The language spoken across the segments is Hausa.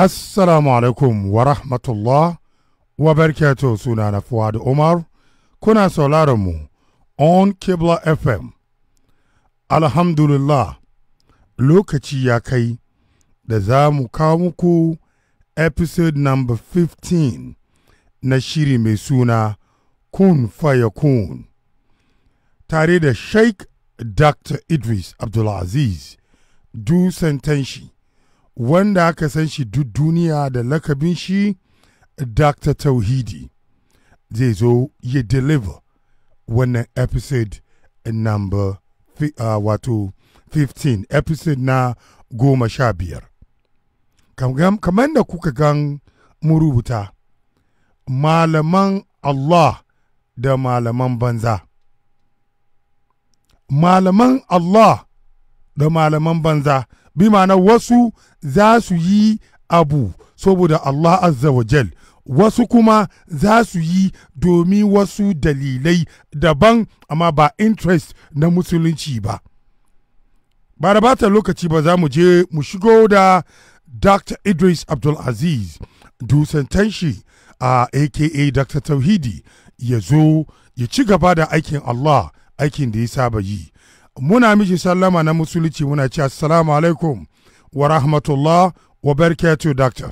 Assalamu alaikum wa rahmatullah wa barkato suna na Fuad Umar kuna sauraron mu on Kibla FM. Alhamdulillah lokaci ya kai da za mu kawo muku episode number 15 na shiri mai suna Kun Faya Kun tare da Sheikh Dr. Idris Abdulaziz du Sentenshi. wanda aka san shi duk duniya da lakabin shi Dr. Tauhidi zai zo ya deliver wannan episode number uh, wato 15 episode na goma sha biyar. Kamar da kuka gan murubuta malaman Allah da malaman banza. Malaman Allah da malaman banza bi ma'ana wasu za su yi abu saboda Allah azza wa jal wasu kuma za su yi domin wasu dalilai daban amma ba interest na musulunci ba ba da bata lokaci ba za mu je mu shigo da dr idris abdulaziz dusantan a aka dr tauhidi ya zo ya ci gaba da aikin allah aikin da ya saba yi muna miji sallama na musulunci muna ce assalamu alaikum wa rahmatullah wa barakatuh doctor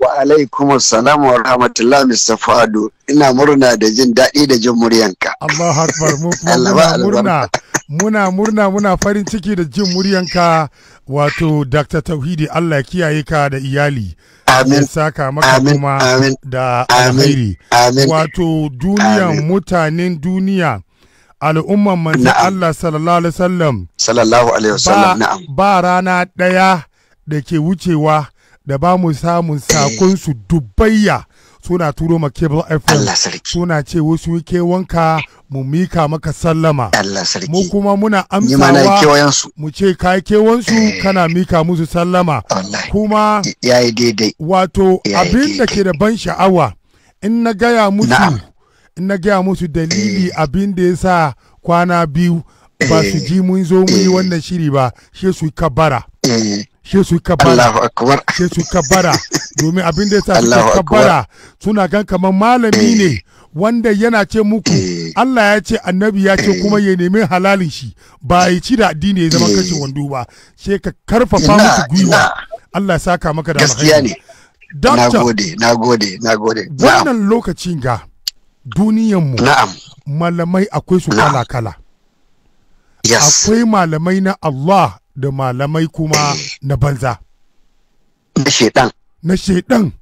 wa alaikum assalamu wa rahmatullah Mr. Fado ina murna da jin daɗi da jin muryanka Allah akbar muna murna muna murna muna farin ciki da jin muryanka wato Dr. Tauhidi Allah ya kiyaye ka da iyali amin saka maka kuma da alheri wato duniya mutanen duniya al'umman manzan Allah sallallahu alaihi wasallam sallallahu alaihi wasallam na'am ba rana daya da ke wucewa da ba mu samun eh. sakon su dubayya suna turo ma cable FM suna ce wasu ke wanka mu mika maka sallama mu kuma muna amsawa mu ce ka yi kewansu eh. kana mika musu sallama kuma yayi daidai wato abin da ke da ban sha'awa in na gaya musu in na gaya musu dalili eh. abin da ya sa kwana biyu ba su eh. ji mun zo mun yi eh. wannan shiri ba she su yi kabara she su yi kabara she su yi kabara domin abin da ya sa su kabara suna gan kamar malami ne wanda yana ce muku Allah ya ce annabi ya ce kuma ya nemi halalin shi ba ya ci da addini ya zama kashe wando ba she ka karfafa musu gwiwa Allah ya saka maka da alheri gaskiya ne na gode na gode na gode wannan lokacin ga duniyanmu malamai akwai su kala-kala akwai malamai na Allah da malamai kuma eh. na banza na shaidan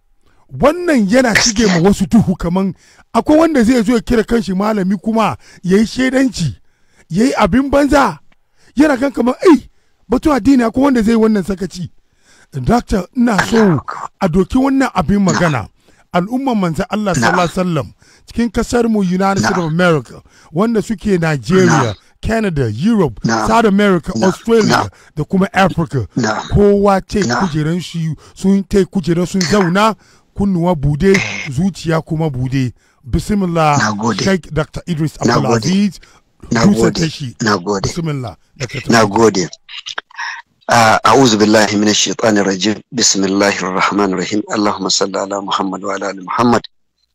wannan yana shige ma wasu duhu kaman akwai wanda zai zo ya kira kanshi malami kuma ya yi yayi ya yi abin banza yana kan kaman ai batun addini akwai wanda zai wannan sakaci Dr. ina so a doki wannan abin magana al'umman manzan Allah sallallahu alaihi wasallam cikin kasar mu United States of America wanda suke Nigeria Canada, Europe, South America, Australia da kuma Africa. Kowa ce kujeran shi sun ta kujeran sun zauna kunnuwa bude eh. zuciya kuma bude. Bismillah Sheikh Dr. Idris Abdulaziz Dusan nagode. Bismillah. Na gode. أعوذ بالله من الشيطان الرجيم بسم الله الرحمن الرحيم اللهم صل على محمد وعلى آل محمد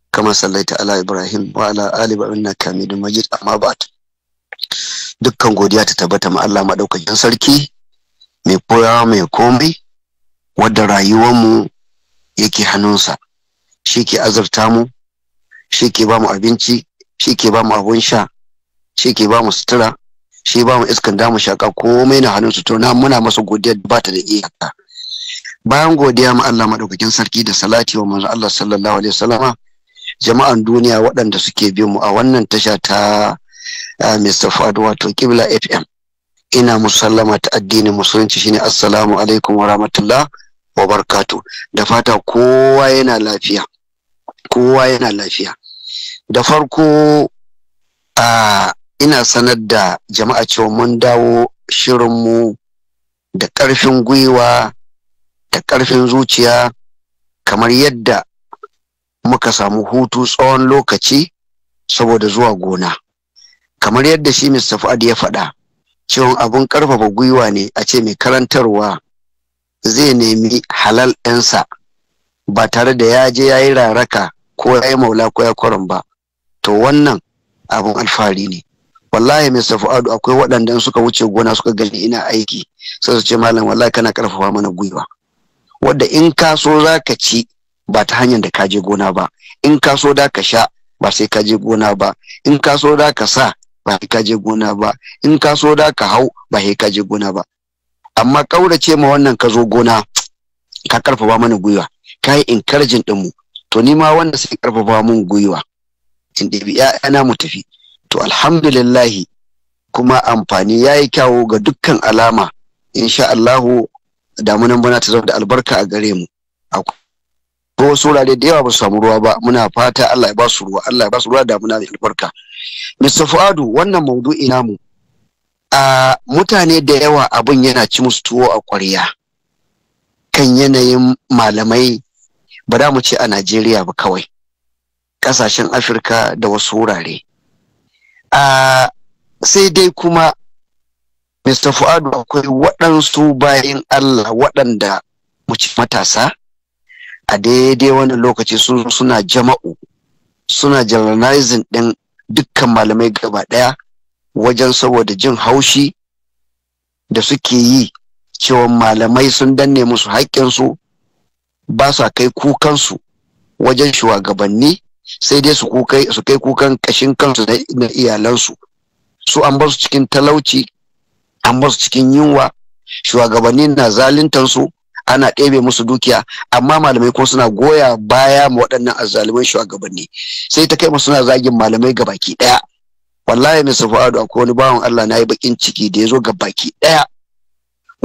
كما صليت على إبراهيم وعلى آل إنك حميد مجيد أما بعد dukkan godiya ta tabbata ma Allah madaukakin sarki mai koyawa mai komai wadda rayuwarmu yake hannunsa shi ke azurta mu shi ke ba mu abinci shi ke ba abun sha shi ke ba sutura shi ba mu iskan da mu shaka komai na hannun su to na muna masa godiya ba ta da iyaka bayan godiya ma Allah madaukakin sarki da salati wa manzo Allah sallallahu alaihi wasallama jama'an duniya waɗanda suke bi mu a wannan tasha ta Mr. Fadu wato Kibla FM ina musallama ta addinin musulunci shine assalamu alaikum wa rahmatullah wa barkatu da fata kowa yana lafiya kowa yana lafiya da farko ina sanar da jama'a cewa mun dawo shirinmu da ƙarfin gwiwa da ƙarfin zuciya kamar yadda muka samu hutu tsawon lokaci saboda zuwa gona kamar yadda shi Mr. Fuad ya faɗa cewa abin ƙarfafa gwiwa ne a ce mai karantarwa zai nemi halal ɗinsa ba tare da ya je ya yi raraka ko ya yi maula ko ya kwarin ba to wannan abin alfahari ne wallahi Mr. Fuadu akwai waɗanda suka wuce gona suka gani ina aiki sai su ce malam wallahi kana karfafa mana gwiwa Wadda in ka so za ka ci ba ta hanyar da ka je gona ba in ka so da ka sha ba sai ka je gona ba in ka so da ka sa ba sai ka je gona ba in ka so da ka hau ba sai ka je gona ba amma kaurace ma wannan ka zo gona ka karfafa mana gwiwa ka yi din mu, to ni ma wannan sai karfafa mun gwiwa in ya ‘ya'yana mu tafi to alhamdulillahi kuma amfani ya yi kyawo ga dukkan alama insha Allahu damunan bana ta zama da albarka a gare mu Ko wasu wurare da yawa ba su samu ruwa ba muna fata Allah ya ba su ruwa Allah ya ba su ruwa damuna da albarka Mr. Fuadu wannan maudu'i namu a mutane da yawa abin yana ci musu tuwo a ƙwarya kan yanayin malamai ba da mu ce a Najeriya ba kawai ƙasashen Afirka da wasu wurare a sai dai kuma Mr. Fuadu akwai waɗansu bayan Allah waɗanda muci matasa a daidai wani lokaci sun suna jama'u suna generalizing ɗin dukkan malamai gaba ɗaya wajen saboda jin haushi da suke yi cewa malamai sun danne musu haƙƙinsu ba sa kai kukansu wajen shugabanni sai dai su kai kukan kashin kansu na iyalansu su an su cikin talauci an su cikin yunwa shugabanni na su, ana ɗebe musu dukiya amma malamai kuma suna goya baya ma waɗannan azzalumai shugabanni sai ta kai musu suna zagin malamai ga baki ɗaya wallahi Mr. Fuadu akwai wani bawan Allah na yi bakin ciki da ya zo ga baki ɗaya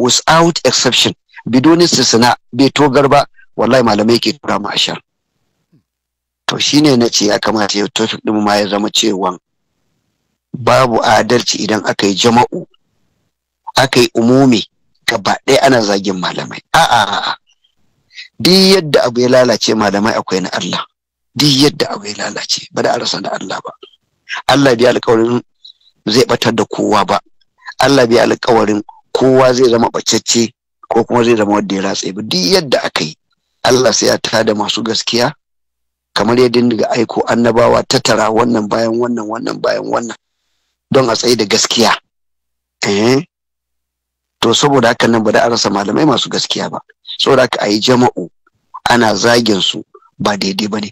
without exception bidonin sisina bai togar ba wallahi malamai ke tura mu to shine na ce ya kamata ya tofik din ma ya zama cewa babu adalci idan aka yi jama'u aka yi umumi gaba ɗaya ana zagin malamai a'a duk yadda abu ya lalace malamai akwai na Allah duk yadda abu ya lalace ba da arasa da Allah ba Allah bai alƙawarin zai batar da kowa ba Allah bai alƙawarin kowa zai zama bacacce ko kuma zai zama wanda ya ratse ba duk yadda aka yi Allah sai ya tada masu gaskiya kamar yadda daga aiko annabawa tattara wannan bayan wannan wannan bayan wannan don a tsaye da gaskiya eh to saboda haka nan ba da rasa malamai masu gaskiya ba saboda haka yi jama'u ana zagin su ba daidai ba ne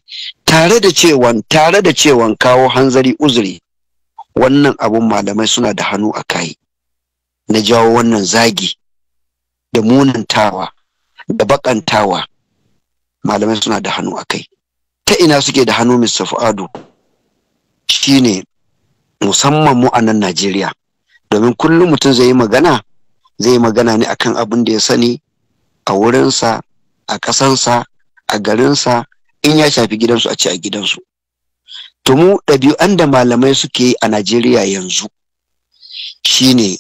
tare da cewan tare da cewan kawo hanzari uzuri wannan abun malamai suna da hannu a kai na jawo wannan zagi da munantawa da bakantawa malamai suna da hannu a kai ta ina suke da hannu Mr. Fuadu shine musamman mu a nan Najeriya domin kullum mutum zai yi magana zai yi magana ne akan abin da ya sani a wurinsa a ƙasansa a garinsa in ya shafi gidansu a ce a gidansu to mu ɗabi'an da malamai suke yi a Najeriya yanzu shine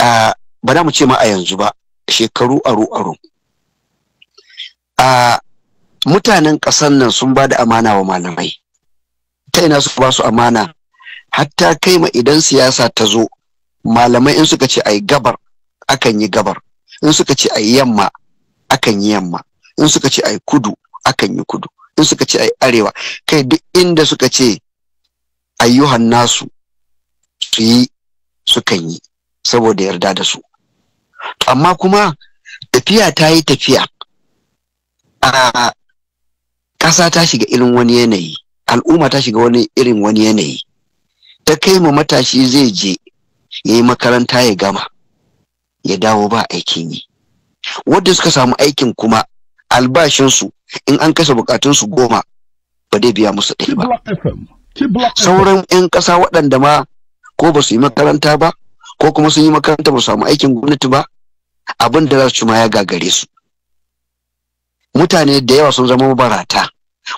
a ba mu ce ma a yanzu ba shekaru aro aro a mutanen ƙasar nan sun ba da amana wa malamai ta ina su ba su amana hatta kai ma idan siyasa ta zo malamai in suka ce ai gabar akan yi gabar in suka ce ai yamma akan yi yamma in suka ce ai kudu akan yi kudu in suka ce ai arewa kai duk inda suka ce ayyuhan nasu su yi sukan yi saboda yarda da su amma kuma tafiya ta yi tafiya ah, ƙasa ta shiga irin wani yanayi al'umma ta shiga wani irin wani yanayi ta kai ma matashi zai je ya yi makaranta ya gama ya dawo ba aikin yi wadda suka samu aikin kuma albashinsu in an kasa bukatunsu goma ba dai biya musu ɗaya ba sauran 'yan ƙasa waɗanda ma ko ba su yi makaranta ba ko kuma sun yi makaranta ba su samu aikin gwamnati ba abin da za su ci ma ya gagare su mutane da yawa sun zama barata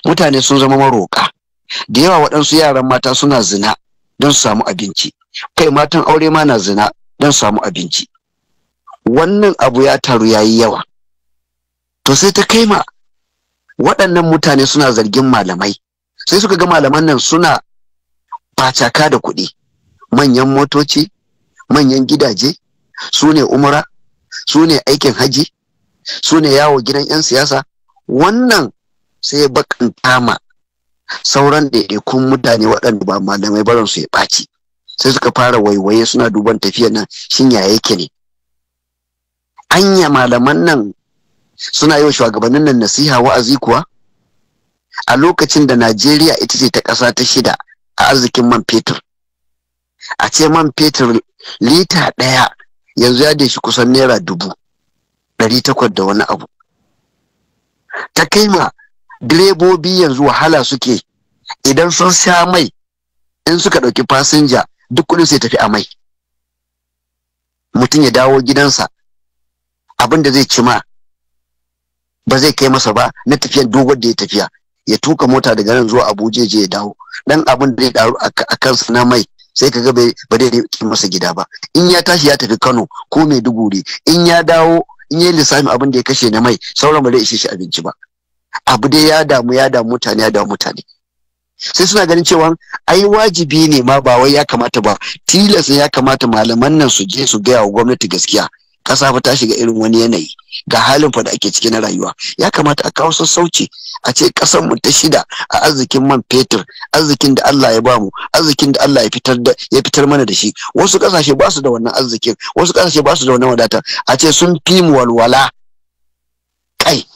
mutane sun zama maroka da yawa waɗansu yaran mata suna zina don su samu abinci kai matan aure ma na zina don samu abinci wannan abu ya taru ya yi yawa to sai ta kai ma waɗannan mutane suna zargin malamai sai suka ga malaman nan suna facaka da kuɗi manyan motoci manyan gidaje su ne umra su ne aikin haji su ne yawo gidan 'yan siyasa wannan sai bakan kama sauran ɗaiɗaikun mutane waɗanda ba malamai baran su ya ɓaci sai suka fara waiwaye suna duban tafiya nan shin ya yake ne anya malaman nan suna yi wa shugabannin nan nasiha wa'azi kuwa a lokacin da najeriya ita ce ta ƙasa ta shida a arzikin man fetur a ce man fetur lita ɗaya yanzu ya shi kusan naira dubu ɗari takwas da wani abu ta kai ma direbobi yanzu wahala suke idan sun sha mai in suka ɗauki fasinja duk kuɗin sai tafi a mai mutum ya dawo gidansa abin da zai ci ma ba zai kai masa ba na tafiyan dogon da ya tafiya ya tuka mota daga nan zuwa abuja je ya dawo dan abin da zai daru a kansa na mai sai ka ga ba zai masa gida ba in ya tashi ya tafi kano ko mai duguri? in ya dawo in yi lissafin abin da ya kashe na mai sauran ba zai ishe shi abinci ba abu dai ya damu ya damu mutane ya damu mutane sai suna ganin cewa ai wajibi ne ma ba wai ya kamata ba tilas ya kamata malaman nan su je su gaya wa gwamnati gaskiya kasa fa ta shiga irin wani yanayi ga halin fa da ake ciki na rayuwa ya kamata a kawo sassauci a ce kasan mu ta shida a arzikin man fetur arzikin da Allah ya bamu arzikin da Allah ya fitar da ya fitar mana da shi wasu kasashe ba su da wannan arzikin wasu kasashe ba su da wannan wadata a ce sun fi mu walwala kai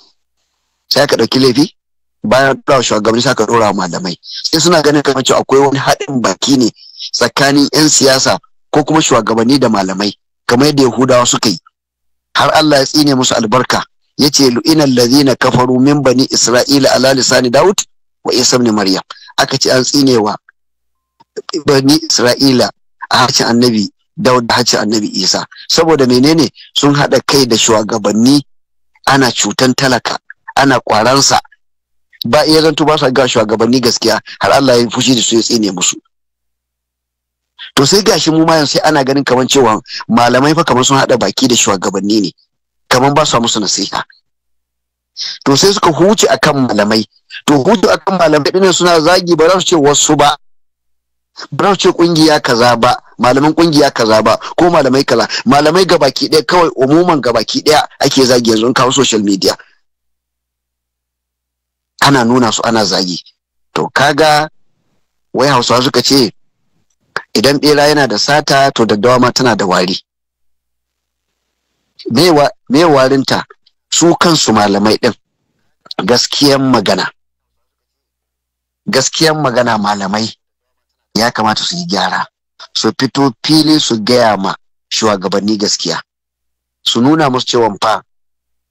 sai ka dauki laifi bayan ɗaura shugabanni sai ka dora malamai sai suna ganin kamar cewa akwai wani haɗin baki ne tsakanin 'yan siyasa ko kuma shugabanni da malamai kamar yadda yahudawa suka yi har Allah ya tsine musu albarka yace lu'inal ladina kafaru min bani isra'ila ala lisani daud wa isa ibn maryam aka ce an tsinewa bani isra'ila a harshen annabi daud a annabi isa saboda menene sun hada kai da shugabanni ana cutan talaka ana kwaransa ba iya zanto ba sa ga shugabanni gaskiya har Allah ya fushi da su ya tsine musu to sai gashi mu ma sai ana ganin kamar cewa malamai fa kamar sun haɗa baki da shugabanni ne kamar ba su musu nasiha to sai suka huce akan malamai to huce akan malamai ɗin suna zagi ba za su ce wasu ba ba ce kungiya kaza ba malamin kungiya kaza ba ko malamai kaza malamai gabaki ɗaya kawai umuman baki ɗaya ake zagi yanzu kawo social media ana nuna su ana zagi to kaga wai hausawa suka ce idan bera yana da sata to da dawama tana da wari me warinta su kansu malamai din? gaskiyan magana gaskiyan magana malamai ya kamata su yi gyara su fito fili su gaya ma shugabanni gaskiya su nuna musu cewa fa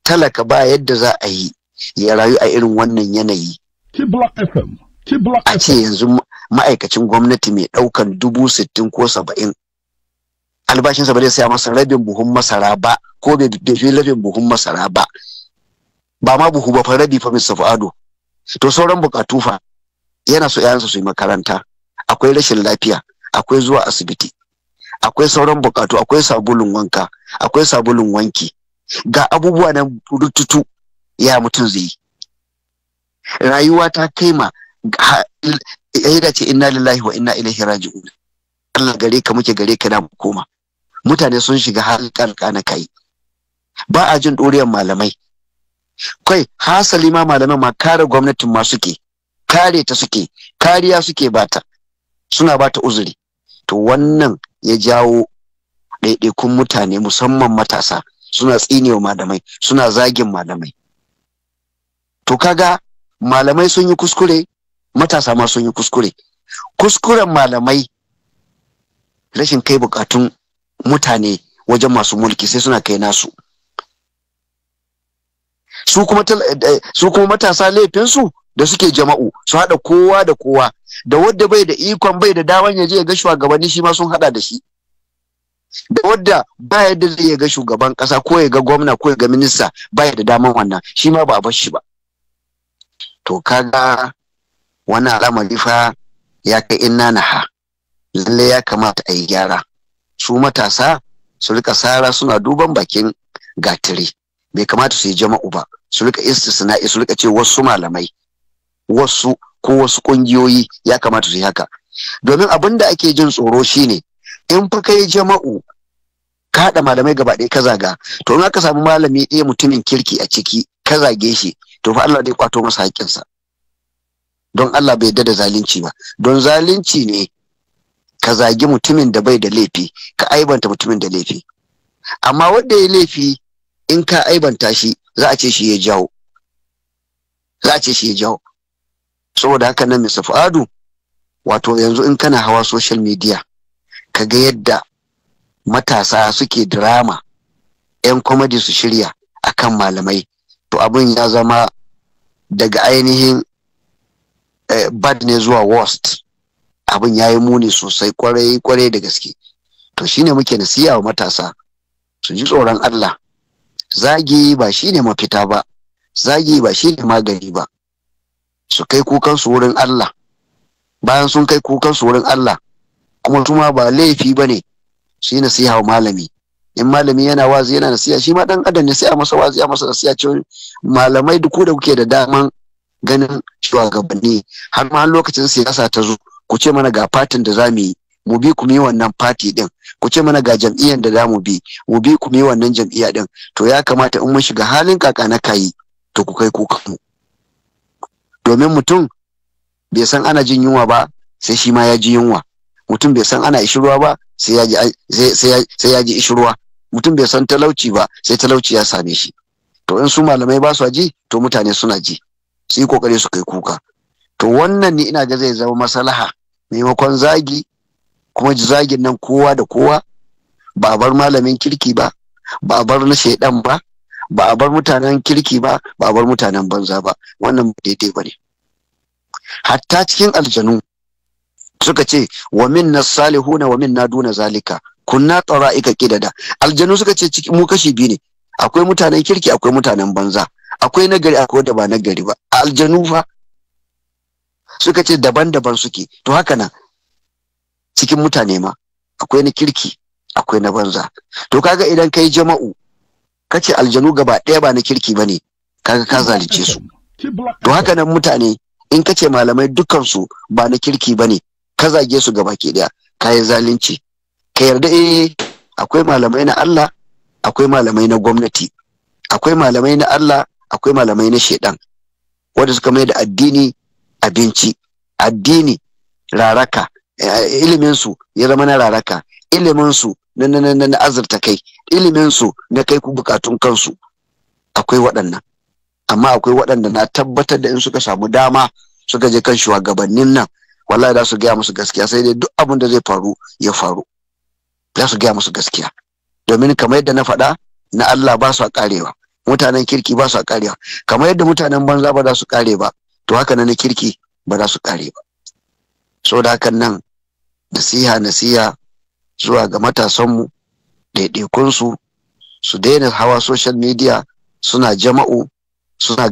talaka ba yadda za a yi ya rayu a irin wannan yanayi a ce yanzu ma'aikacin gwamnati mai ɗaukan dubu sittin ko saba'in albashinsa ba zai saya masa rabin buhun masara ba ko bai fi rabin buhun masara ba ba ma buhu ba fa rabi fa Mr. Fuado to sauran bukatu fa yana so yayansa su yi makaranta akwai rashin lafiya akwai zuwa asibiti akwai sauran bukatu akwai sabulun wanka akwai sabulun wanki ga abubuwa na rututu ya mutum zai yi rayuwa ta kai ma ya ce inna lillahi wa inna ilaihi raji'un Allah gare ka muke gare ka na kuma. mutane sun shiga halkar kana kai ba a jin doriyar malamai kai hasali ma malaman ma kare gwamnatin ma suke kare ta suke kariya suke bata suna bata uzuri to wannan ya jawo ɗaiɗaikun mutane musamman matasa suna tsinewa malamai suna zagin malamai to kaga malamai sun yi kuskure matasa ma sun yi kuskure kuskuren malamai rashin kai bukatun mutane wajen masu mulki sai suna kai nasu su kuma eh, eh, su kuma matasa laifinsu da suke jama'u su hada kowa da kowa da wadda bai da ikon bai da damar ya je ya ga shugabanni shi ma sun haɗa da shi da wadda ba yadda zai ya ga shugaban kasa ko ya ga gwamna ko ya ga minista ba da daman wannan shi ma ba a bar shi ba to kaga Wani al'amari fa ya kai inna naha lalle ya kamata a yi gyara su matasa su rika sara suna duban bakin gatire bai kamata su yi jama'u ba su rika istisna su rika ce wasu malamai wasu ko wasu kungiyoyi ya kamata su yi haka domin abin da ake jin tsoro shine in fa kai jama'u ka haɗa malamai gaba ɗaya ka zaga to in aka samu malami ɗaya mutumin kirki a ciki ka zage shi to fa Allah zai kwato masa haƙƙinsa don Allah bai da zalunci ba don zalunci ne ka zagi mutumin da bai da laifi ka aibanta mutumin da laifi amma wanda ya laifi in ka aibanta shi za a ce shi ya jawo za a ce shi ya jawo saboda haka nan Mr. Fuadu wato yanzu in kana hawa social media ka ga yadda matasa suke drama 'yan komedi su shirya akan malamai to abin ya zama daga ainihin Eh, bad ne zuwa worst abin ya yi muni sosai kwarai kwarai da gaske to shine muke nasiya wa matasa su ji tsoron Allah zagi ba shine mafita ba zagi ba shine magani ba su kai kukan su wurin Allah bayan sun kai kukan su wurin Allah kuma su ma ba laifi ba ne shi nasiha wa malami in malami yana wazi yana nasiha shi ma dan adam ne sai a masa wazi a masa nasiha cewa malamai duk da kuke da daman ganin cewa gabanni har ma lokacin siyasa ta zo ku ce mana ga fatin da za mu yi mu bi ku yi wannan fati din ku ce mana ga jam'iyyar da za mu bi mu bi ku yi wannan jam'iyya din to ya kamata in mun shiga halin kaka na kayi to ku kai ka mu domin mutum bai san ana jin yunwa ba sai shi ma ya ji yunwa mutum bai san ana ishirwa ba sai ya ji ishirwa mutum bai san talauci ba sai talauci ya same shi to in su malamai ba su ji to mutane suna ji su yi kokari su kai kuka to wannan ni ina ga zai zama maslaha maimakon zagi kuma zagin nan kowa da kowa ba a bar malamin kirki ba ba a bar na shaidan ba ba bar mutanen kirki ba ba bar mutanen banza ba wannan daidai ba ne hatta cikin aljanu suka ce wa minna salihuna wa minna duna zalika kunna tsara'ika kidada aljanu suka ce mu kashi biyu ne akwai mutanen kirki akwai mutanen banza akwai nagari akwai wanda ba nagari ba a aljanu fa suka ce daban-daban suke to haka nan cikin mutane ma akwai na kirki akwai na banza to kaga idan kai jama'u kace aljanu gaba ɗaya ba na kirki bane kaga ka zalice su to haka nan mutane in kace malamai dukkan ba na kirki bane ka zage su gaba ke daya kayi zalunci ka yarda eh akwai malamai na Allah akwai malamai na gwamnati akwai malamai na Allah akwai malamai na shedan wanda suka mai da addini abinci addini raraka eh, ilimin su ya zama na raraka ilimin su na na na na azurta kai ilimin su na kai ku bukatun kansu akwai waɗannan amma akwai waɗanda na tabbatar da in suka samu dama suka je kan shugabannin nan wallahi za su gaya musu gaskiya sai dai duk abin da zai faru ya faru za su gaya musu gaskiya domin kamar yadda na faɗa na Allah ba su a karewa mutanen kirki ba su a karewa kamar yadda mutanen banza ba za su kare ba to haka na kirki ba za su kare ba so da hakan nan nasiha nasiha zuwa ga matasanmu ɗaiɗaikunsu su daina hawa social media suna jama'u suna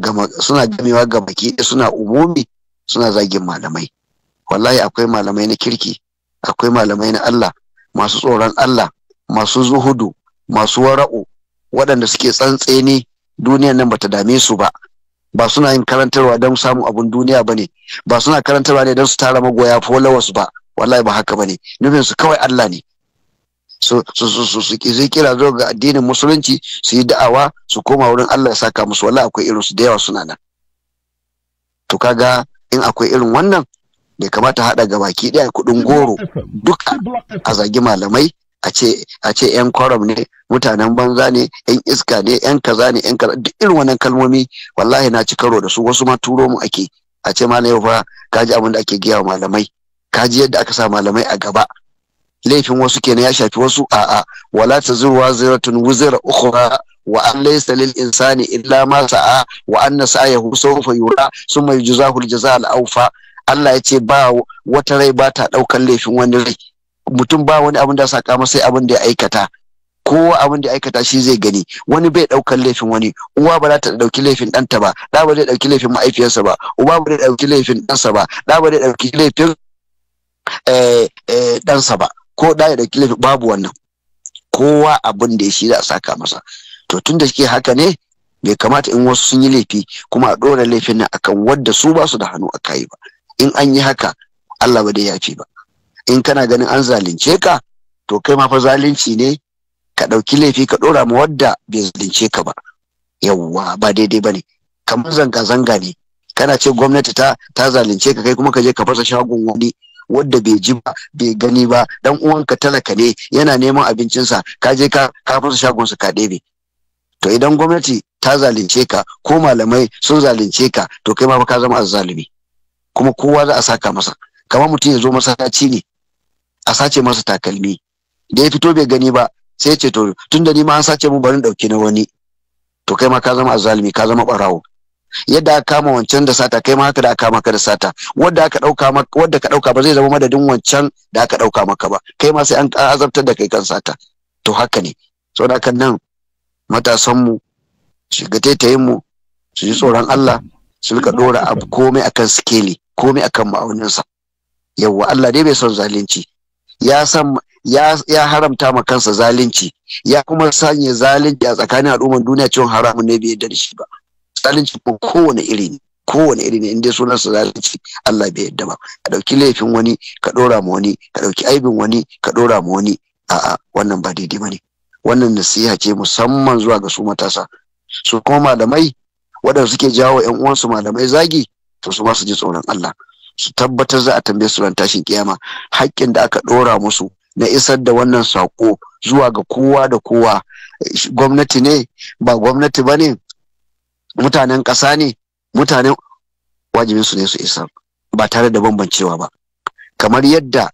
gamewa ga baki suna umumi suna zagin malamai wallahi akwai malamai na kirki akwai malamai na Allah masu tsoron Allah masu zuhudu masu wara'u waɗanda suke tsantsene duniyan nan bata dame su ba ba suna yin karantarwa don samun abun duniya ba ne ba suna karantarwa ne don su tara magoya followers ba wallahi ba haka ba ne nufin su kawai Allah ne su zai kira zuwa ga addinin musulunci su yi da'awa su koma wurin Allah ya saka musu wallahi akwai irin su da yawa suna nan to kaga in akwai irin wannan bai kamata haɗa ga baki ɗaya kuɗin goro duka a zagi malamai a ce yan kwaram ne mutanen banza ne yan iska ne yan kaza ne yan kaza duk irin wannan kalmomi wallahi na ci karo da su wasu ma turo mu ake a ce ma yau fa kaji abin da ake giya wa malamai kaji yadda aka sa malamai a gaba laifin wasu kenan ya shafi wasu a wala tazurwa ziratun wuzira ukhra wa an laysa lil insani illa ma sa'a wa anna sa'yahu sawfa yura summa yujzahu al jazaa al awfa Allah ya ce ba wata rai ba ta daukan laifin wani rai mutum ba wani abin da saka masa sai abin da ya aikata kowa abin da ya aikata shi zai gani wani bai daukar laifin wani uwa ba za ta dauki laifin ɗanta ba Da ba zai dauki laifin mahaifiyarsa ba uba ba zai dauki laifin ɗansa ba Da ba zai dauki laifin eh, eh, ɗansa ba ko da ya dauki laifin babu wannan kowa abin da ya shi za a saka masa to tun da ke haka ne bai kamata in wasu sun yi laifi kuma a ɗora laifin nan akan wadda su ba su da hannu a kayi ba in an yi haka Allah ba dai ya ba in kana ganin an zalunce ka to kai ma fa zalunci ne ka ɗauki laifi ka ɗora ma wadda bai zalunce ka ba yawwa ba daidai ba ne kamar zanga-zanga ne kana ce gwamnati ta ta zalunce ka kai kuma ka je ka fasa shagon wani wadda bai ji ba bai gani ba dan uwanka talaka ne yana neman abincinsa ka je ka ka fasa shagonsa ka ɗebe to idan gwamnati ta zalunce ka ko malamai sun zalunce ka to kai ma ka zama azzalumi kuma kowa za a saka masa kamar mutum ya zo masallaci ne a sace masa takalmi da ya fito bai gani ba sai ce to tun da ni ma an sace mu bari dauki na wani to kai ma ka zama azalimi ka zama barawo yadda aka kama wancan da sata kai ma haka da aka kama ka da sata wanda aka dauka maka wanda ka dauka ba zai zama madadin wancan da aka ɗauka maka ba kai ma sai an azabtar da kai kan sata to haka ne saboda kan nan matasan mu shiga taitayin mu su ji tsoron Allah su rika ɗora abu komai akan sikeli komai akan ma'auninsa yawwa Allah dai bai son zalunci ya haramta ma kansa zalunci ya kuma sanya zalunci a tsakanin al'umman duniya cewa haramun ne bai yarda da shi ba zalunci ko kowane iri ne kowane iri ne in dai sunansa zalunci Allah bai yarda ba ka dauki laifin wani ka dora ma wani ka dauki aibin wani ka dora ma wani a'a wannan ba daidai bane wannan nasiha ce musamman zuwa ga su matasa su kuma malamai waɗanda suke jawo 'yan uwansu malamai zagi to su ma su ji tsoron Allah su tabbatar za a tambaye su ran tashin kiyama haƙƙin da aka ɗora musu na isar da wannan saƙo zuwa ga kowa da kowa gwamnati ne ba gwamnati ba ne mutanen ƙasa ne mutanen wajibin su ne su isar ba tare da bambancewa ba kamar yadda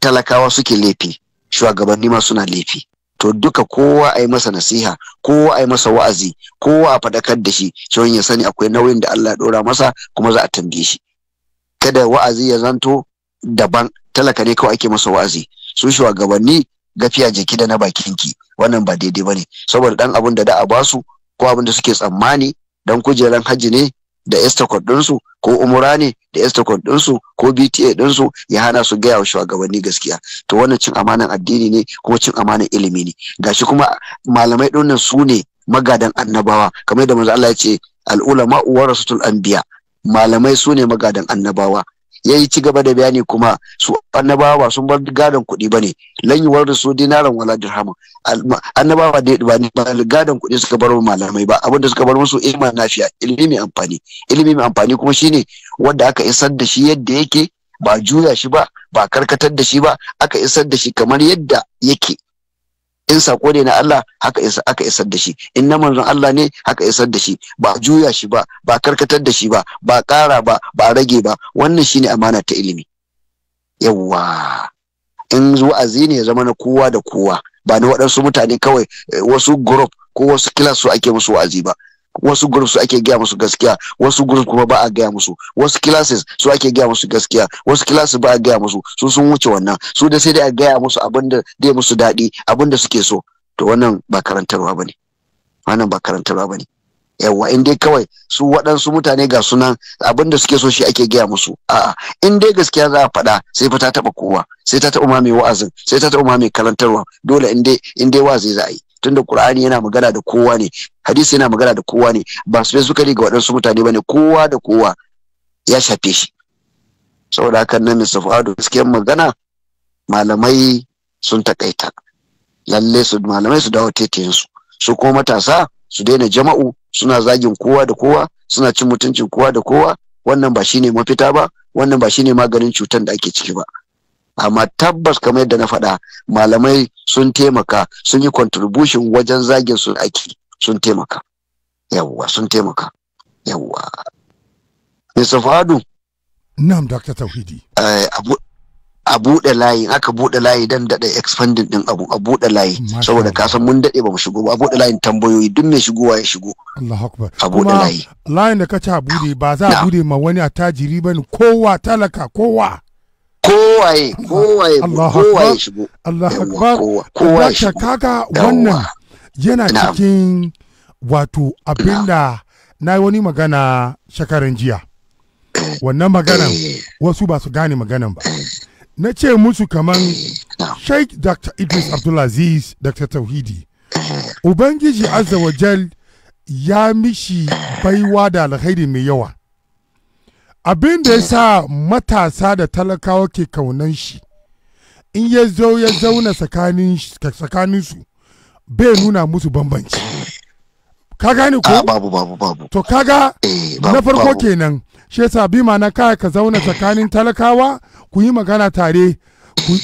talakawa suke laifi shugabanni ma suna laifi to duka kowa a yi masa nasiha kowa a yi masa wa'azi kowa a faɗakar da shi shi ya sani akwai nauyin da Allah ya ɗora masa kuma za a tambaye shi kada wa'azi ya zanto daban talaka ne kawai ake masa wa'azi su shugabanni gafiya jiki da na bakin ki. wannan ba daidai bane saboda dan abun da da a basu ko abun da suke tsammani dan kujeran hajji ne da estacot ɗinsu ko umura ne da estacot ɗinsu ko bta ɗinsu ya hana su gaya wa shugabanni gaskiya to wannan cin amanan addini ne kuma cin amanan ilimi ne gashi kuma malamai dinnan su ne magadan annabawa kamar yadda manzo Allah ya ce al-ulama warasatul anbiya malamai su ne magadan annabawa ya yi ci gaba da bayani kuma su annabawa sun bar gadon kuɗi ba ne lan yiwuwar da su dinaran wala dirhama annabawa da ba ne ba gadon kuɗi suka bar malamai ba abinda suka bar musu na fiya ilimi mai amfani ilimi mai amfani kuma shi ne wanda aka isar da shi yadda yake ba juya shi ba ba karkatar da shi ba aka isar da shi kamar yadda yake in sako ne na Allah haka isa aka isar da shi in na manzon Allah ne haka isar da shi ba juya shi ba ba karkatar da shi ba ba ƙara ba ba rage ba wannan shine amana ta ilimi yawwa in wa'azi ne ya zama na kowa da kowa ba na waɗansu mutane kawai eh, wasu group ko wasu kilasu su ake musu wa'azi ba wasu groups ake gaya musu gaskiya wasu groups kuma ba a gaya musu wasu classes su ake gaya musu gaskiya wasu classes ba a gaya musu su sun wuce wannan su da sai dai a gaya musu abin da dai musu daɗi abin da suke so to wannan ba karantarwa bane wannan ba karantarwa bane yawa in dai kawai su waɗansu mutane ga sunan abin da suke so shi ake gaya musu a'a in dai gaskiya za a faɗa sai fa ta taɓa kowa sai ta taɓa ma mai wa'azin sai ta taɓa ma mai karantarwa dole in dai in dai wa'azi za a yi tunda Qur'ani yana magana da kowa ne hadisi yana magana da kowa ne ba su zukari ga waɗansu mutane bane kowa da kowa ya shafe shi saboda haka nan Mr. Fuadu gaskiyar magana malamai sun takaita lalle su malamai su dawo tetayen su su kuma matasa su daina jama'u suna zagin kowa da kowa suna cin mutuncin kowa da kowa wannan ba shine mafita ba wannan ba shine maganin cutar da ake ciki ba amma tabbas kamar yadda na faɗa malamai sun taimaka sun yi contribution wajen zagin sun aiki sun taimaka yawwa sun taimaka yawwa Mr. Fadu Nam Dr. Tauhidi eh, a buɗe layi aka buɗe layi dan daɗa expanding ɗin abu a buɗe layi saboda ka san mun daɗe ba mu shigo ba a buɗe layin tambayoyi duk mai shigowa ya shigo Allahu akbar a buɗe layi layin da ka ci a buɗe ba za a buɗe ma wani tajiri ba ne kowa talaka kowa kowaye kowaye kowaye shigo Allah akbar kowa shigo kaga wannan yana cikin wato abinda na yi wani magana shakaran jiya wannan maganan eh. wasu ba su gane maganan ba eh. na ce musu kaman eh. sheikh dr idris abdulaziz dr tauhidi ubangiji azza wajal ya mishi baiwa da alkhairi mai yawa abin da ya sa matasa da talakawa ke kaunan shi in ya zo ya zauna tsakanin su bai nuna musu bambanci ka gane ko ah, babu babu babu to kaga eh, na farko kenan shi yasa bi ma na kaya ka zauna tsakanin talakawa ku yi magana tare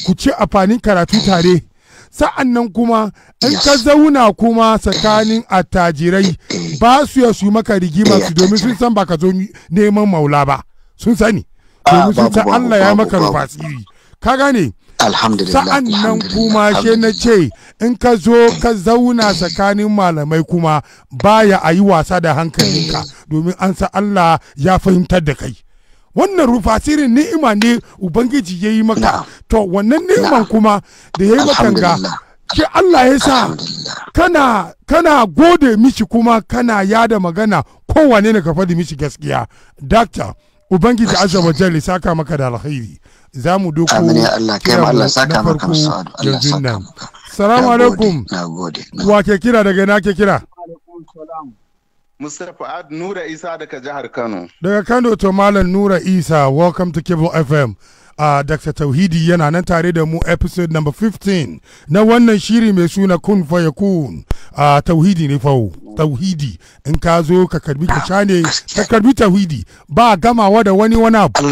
ku ci amfanin karatu tare sa'an nan kuma in ka zauna kuma tsakanin attajirai ba su ya su maka rigima su domin sun san ba ka zo neman maula ba sun sani ah, domin sun san Allah ya maka rufa tsiri ka gane sa'an nan kuma she na ce in ka zo ka zauna tsakanin malamai kuma baya a yi wasa da hankalinka eh. domin an sa Allah ya fahimtar da kai wannan rufa ni'ima ne ubangiji ya yi maka to wannan ni'iman kuma da ya yi maka ga ki Allah ya sa kana kana gode mishi kuma kana yada magana kowane ne ka faɗi mishi gaskiya doctor ubangiji azza wa jalla saka maka da alkhairi za mu doko na farko yanzu nan salamu alaikum wa ke kira daga na ke kira Mustapha Ad Nura Isa daga jihar Kano. Daga Kano to Malam Nura Isa, welcome to Cable FM. Uh, ah, Dr. Tauhidi yana nan tare da mu episode number 15 na wannan shiri mai suna kun faya kun uh, tauhidi ne fau tauhidi in ka zo ka karbi ka sha ne ka karbi tauhidi ba gamawa da wani wani abu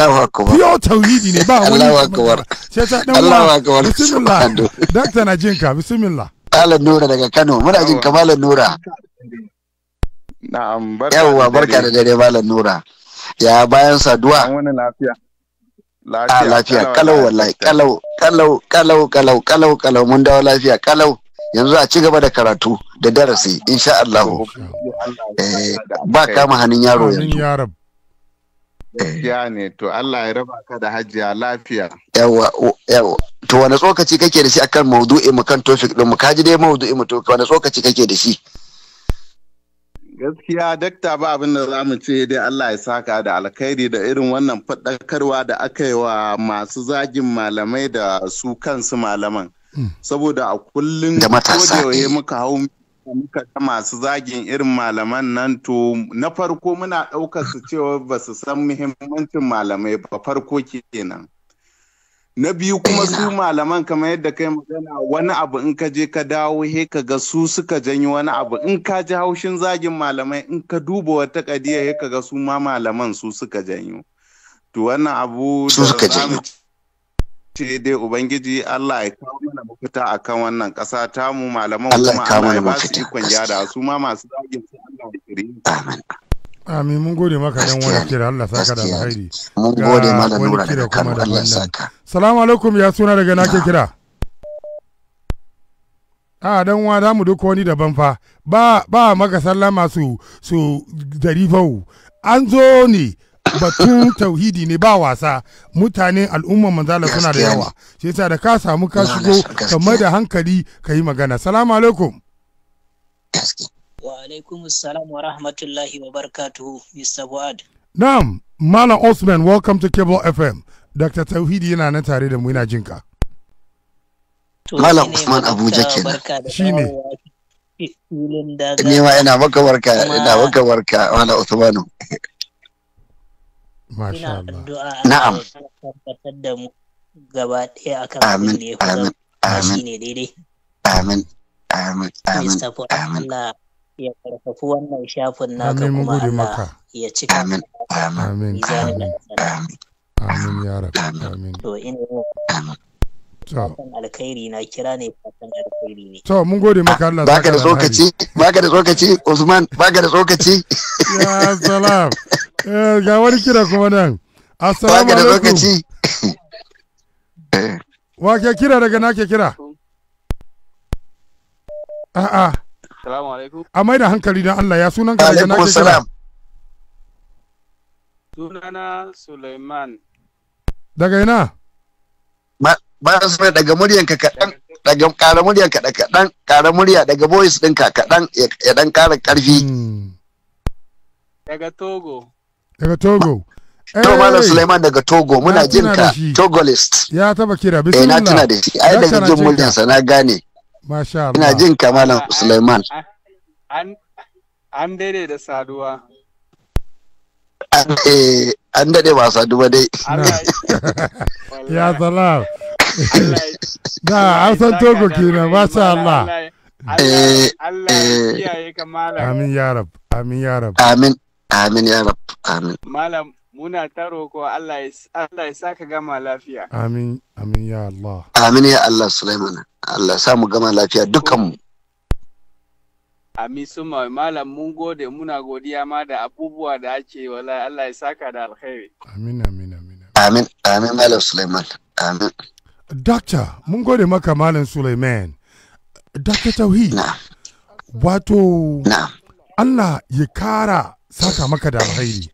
tauhidi ne ba wani Allahu akbar sai ta dan wa bismillah Dr. Najinka bismillah Malam Nura daga Kano muna jin kamalan Nura Na'am barka Yawwa barka da dare Malam Nura. Ya bayan saduwa. An wani lafiya. Ah, lafiya. lafiya kalau wallahi kalau kalau kalau kalau kalau kalau mun dawo lafiya kalau yanzu a ci gaba da karatu da darasi insha Allah. Eh, ba kama hannun yaro yanzu. Gaskiya ne to Allah ya raba ka da hajiya lafiya. Yawwa, yawwa. to wani tsokaci kake da shi akan maudu'i mu kan topic din mu kaji dai maudu'i mu to wani tsokaci kake da shi. Gaskiya dakta ba abin da za mu ce dai Allah ya saka da alkhairi da irin wannan faɗakarwa da aka yi wa masu zagin malamai da su kansu malaman. Hmm. Saboda a kullum kodewaye eh. muka hau muka ta masu zagin irin malaman nan to na farko muna ɗaukar su cewa ba su san muhimmancin malamai ba farko kenan. na biyu kuma su malaman kamar yadda kai magana wani abu in ka je ka dawo he ka ga su suka janyi wani abu in ka ji haushin zagin malamai in ka duba wata kadiya he ka ga su ma malaman su suka janyo to wannan abu su suka janyo ce dai ubangiji Allah ya kawo mana mafita akan wannan kasa ta mu malaman kuma Allah ya ba su ikon gyara su ma masu zagin su Allah ya kire amin mun gode maka dan wani kira Allah saka da alkhairi mun gode da nura da kano Allah saka salamu alaikum ya suna daga nake kira a dan wa za mu duk wani daban fa ba a maka sallah masu su zarifau an zo ne batun tauhidi ne ba wasa mutane al'umman manzala suna da yawa shi yasa da ka samu ka shigo kamar da hankali ka yi magana salamu alaikum wa alaikum wa rahmatullahi wa barakatuhu mr buad na'am malam osman welcome to cable fm Dr. Tauhidi yana nan tare da mu yana jin ka. Malam Usman Abuja kenan. Shi ne. ma ina maka barka ina maka barka Malam Usmanu. Masha Allah. Na'am. amin amin amin amin amin amin amin ya karfafi wannan shafin naka kuma Allah ya cika amin amin amin amin amin ya rabu amin to ina fatan alkhairi na kira ne fatan alkhairi ne to mun gode maka Allah baka da tsokaci baka da tsokaci Usman baka da tsokaci ya salam eh, ga wani kira kuma nan assalamu alaikum baka da tsokaci eh. wa ke kira daga na ke kira a'a Salamu alaikum. A mai da hankali don Allah ya sunan ka daga nake kira. Sunana Suleiman. Daga ina? Ba su daga muryanka kaɗan, daga ƙara muryanka da kaɗan, ƙara murya daga voice ɗinka kaɗan ya ɗan ƙara ƙarfi. Hmm. Daga Togo. Daga Togo. To Malam Suleiman daga Togo muna jin ka Togolist. Ya taba kira bismillah. Eh na tuna da shi. Ai daga jin muryan sa na gane. Masha Allah. Ina jin ka Malam Suleiman. An daidai da saduwa. Eh, an daɗe wasa duba dai ya salam da an san togo kenan masha Allah Allah eh, eh. amin ya rab amin ya rab amin amin ya rab amin malam muna taro ko Allah ya sa ka gama lafiya. Amin, amin ya Allah. Amin ya Allah Sulaiman. Allah sa mu gama lafiya dukkanmu. Amin suma malam mun gode muna godiya ma da abubuwa da ake wala Allah ya saka da alkhairi. Amin amin amin. Amin amin malam Suleiman. Amin. Dokta mun gode maka malam Suleiman. Tauhi. Na. Wato Allah ya kara saka maka da alkhairi.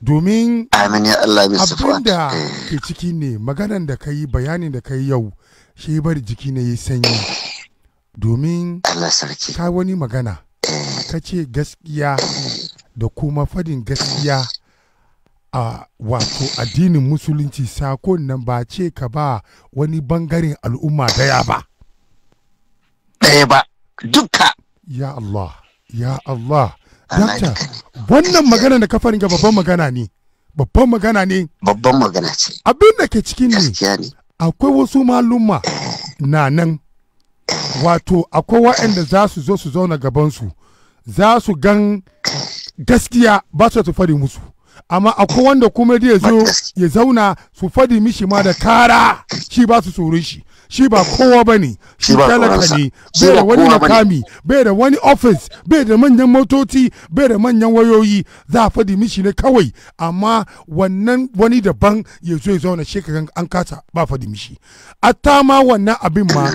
Domin abin da eh. ke ciki ne maganan da ka yi bayanin da ka yi yau shi bari jiki ne ya sanyi. domin ka wani magana eh. ka ce gaskiya da kuma fadin gaskiya a wato addinin musulunci sakon nan ba ce ka ba wani bangaren al'umma daya ba Daya ba duka ya Allah ya Allah dakta wannan magana da ka ga babban magana ne babban magana ne babban magana ce abin da ke cikin ne akwai wasu malumma eh. na nan wato akwai waɗanda za su zo su zauna gabansu za su gan gaskiya ba su su fadi musu amma akwai wanda kuma zai zo ya zauna su fadi mishi ma da kara shi ba su tsoron shi shi ba kowa ba ne shi talaka ne bai da wani makami bai da wani ofis bai da manyan motoci bai da manyan wayoyi za a faɗi mishi ne kawai amma wannan wani daban ya zo ya zauna shi an kasa ba faɗi mishi ta ma wannan abin ma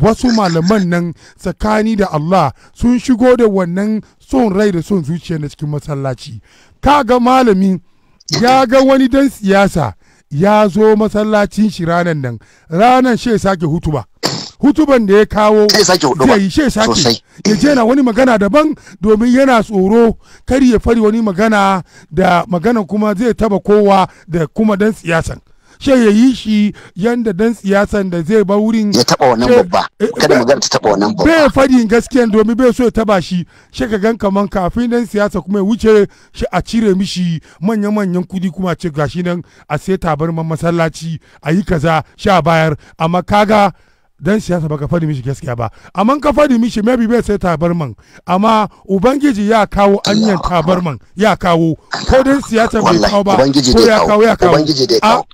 wasu malaman nan tsakani da Allah sun shigo da wannan son rai da son zuciya na cikin masallaci ka ga malami ya ga wani dan siyasa ya zo masallacin shi ranan nan ranan shi sake hutuba hutuban da ya kawo zai yi shi sake ya je na wani magana daban domin yana tsoro kar ya fari wani magana da magana kuma zai taba kowa da kuma dan siyasan she ya yi shi yanda dan siyasan da zai ba wurin ya taba wannan babba eh, kada magana ta taba wannan babba bai fadin gaskiya domin bai so ya taba shi she ka gan kaman kafin dan siyasa kuma ya wuce shi a cire mishi manyan manyan kudi kuma ce gashi nan a sai tabarman masallaci a yi kaza sha bayar amma kaga dan siyasa baka fadi mishi gaskiya ba amma ka fadi mishi maybe bai sai tabarman amma ubangiji ya kawo anyan tabarman ya kawo ko dan siyasa bai kawo ba ubangiji ya kawo ya kawo